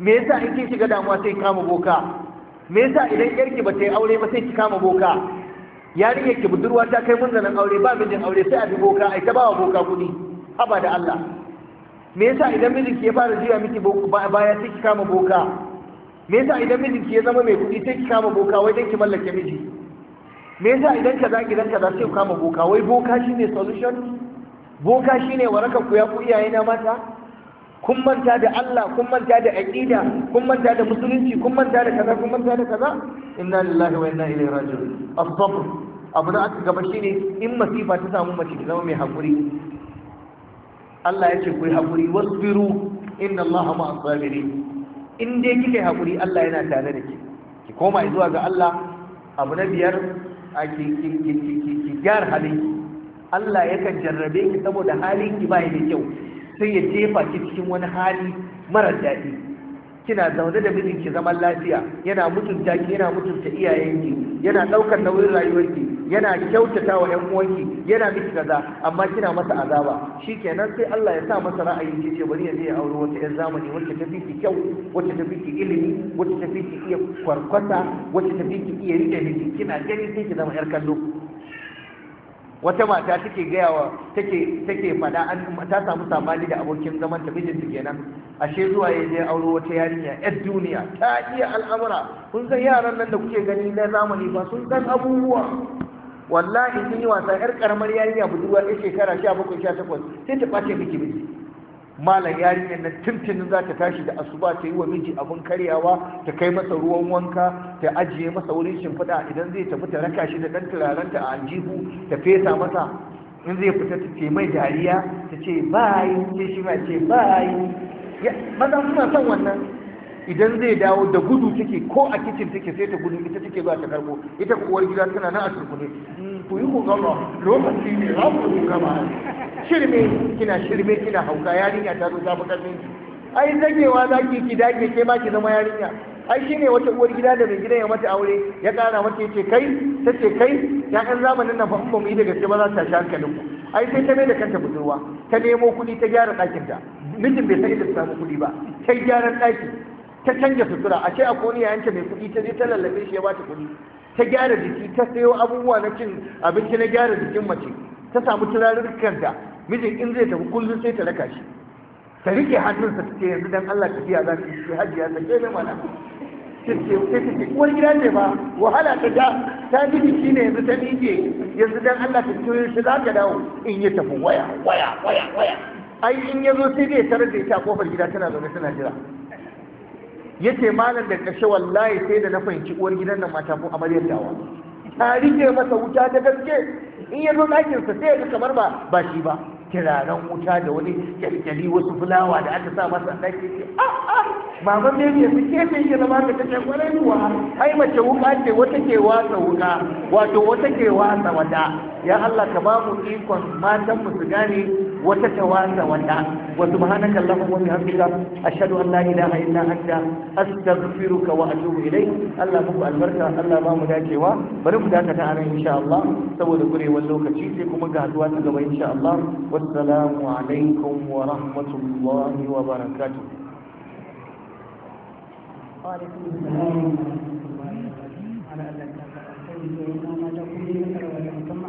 me yasa in kin shiga damuwa sai kama boka me yasa idan yarki ba ta yi aure ba sai ki kama boka yarinyar ki budurwa ta kai munzanin aure ba mijin aure sai a bi boka ai ta bawa boka kuɗi haba da Allah me yasa idan mijinki ya fara juya miki baya sai ki kama boka me yasa idan mijinki ya zama mai kuɗi sai ki kama boka wai dan ki mallake miji me yasa idan kaza gidan kaza sai ku kama boka wai boka shine solution boka shine waraka ku ya ku iyaye na mata kun manta da Allah kun manta da aqida kun manta da musulunci kun manta da kaza kun manta da kaza inna lillahi wa inna ilaihi raji'un as-sabr abu da aka gaba shine in masifa ta samu mace ta zama mai hakuri Allah ya ce ku yi haƙuri wasbiru inna Allah ma sabiri in dai kika yi haƙuri Allah yana tare da ki ki koma zuwa ga Allah abu na biyar a ki ki ki ki ki gyar halin Allah yakan jarrabe ki saboda halin ki bai da kyau sai ya jefa ki cikin wani hali mara daɗi kina zaune da ki zaman lafiya yana mutunta ki yana mutunta iyayenki yana ɗaukar nauyin rayuwarki yana kyautata wa ƴan uwanki yana miki kaza amma kina masa azaba shikenan sai Allah ya sa masa ra'ayi ya ce bari ya je ya aure wata ƴan zamani wacce ta fi ki kyau wacce ta fi ki ilimi wacce ta fi ki iya kwarkwata wacce ta fi ki iya riƙe miki kina gani sai ki zama ƴar kallo wata mata take gaya wa take take fada an ta samu samali da abokin zaman ta mijinta kenan ashe zuwa ya je auro wata yarinya yar duniya ta iya al'amura kun san yaran nan da kuke gani na zamani ba sun san abubuwa wallahi sun yi wasa yar karamar yarinya budurwa ya shekara sha bakwai sha takwas sai ta ɓace miki miji malam yarinyar nan tuntunin za ta tashi da asuba ta yi wa miji abin karyawa ta kai masa ruwan wanka ta ajiye masa wurin shimfiɗa idan zai tafi ta raka shi da ɗan turarenta a aljihu ta fesa masa in zai fita ta ce mai dariya ta ce bayi ce shi ma ce bayi maza suna son wannan idan zai dawo da gudu take ko a kicin take sai ta gudu ita take ba ta karbo ita kuwar gida tana nan a turkune mm, ku yi kokama lokaci ne za ku yi gama shirme kina shirme kina hauka yarinya ta zo zafi fi karfin ai zagewa za ki ki dage ke ma ki zama yarinya ai shine wata uwar gida da mai gidan ya mata aure ya kara mata yace kai ce kai ya kan zamanin nan fa ba mu yi daga ce ba za ta sha hankalin ku ai sai ta mai da kanta budurwa ta nemo kuɗi ta gyara ɗakin ta mijin bai sai ta samu kuɗi ba ta gyaran ɗaki ta canja sutura a ce a koni yayanta mai kuɗi ta je ta lallabe shi ya bata kuɗi ta gyara jiki ta sayo abubuwa na cin abinci na gyara jikin mace ta samu da mijin in zai tafi kullum sai ta raka shi ta rike hannun ta ce yanzu dan Allah tafiya za ta yi hajiya ta sake na mana uwar gida ce ba wahala ta da ta ji jiki ne yanzu ta miƙe yanzu dan Allah ta ciyo shi za ka dawo in ya tafi waya waya waya waya ai in ya zo sai zai tarar da ita a kofar gida tana zaune tana jira yace malam da kashe wallahi sai da na fahimci uwar gidan nan mata ko amaryar dawa ta rike masa wuta ta gaske in ya zo ɗakinsa sai ya kamar ba ba shi ba kiraren wuta da wani kyalkyali wasu fulawa da aka sa masa ɗaki ce ah, ah, baban me ya fi kefe ya zama ka take kwarai kuwa ai mace wuka ce wata ke watsa wuka wato wata ke wasa wata ya Allah ka ba mu ikon matan mu su gane wata ta wasa wata wa subhanaka allahumma wa bihamdika ashhadu an la ilaha illa anta astaghfiruka wa atubu ilayk Allah muku albarka Allah ba mu dacewa bari mu dakata a nan insha Allah saboda kurewar lokaci sai kuma ga haduwa ta gaba insha Allah والسلام عليكم ورحمة الله وبركاته وعليكم السلام ورحمة الله وبركاته على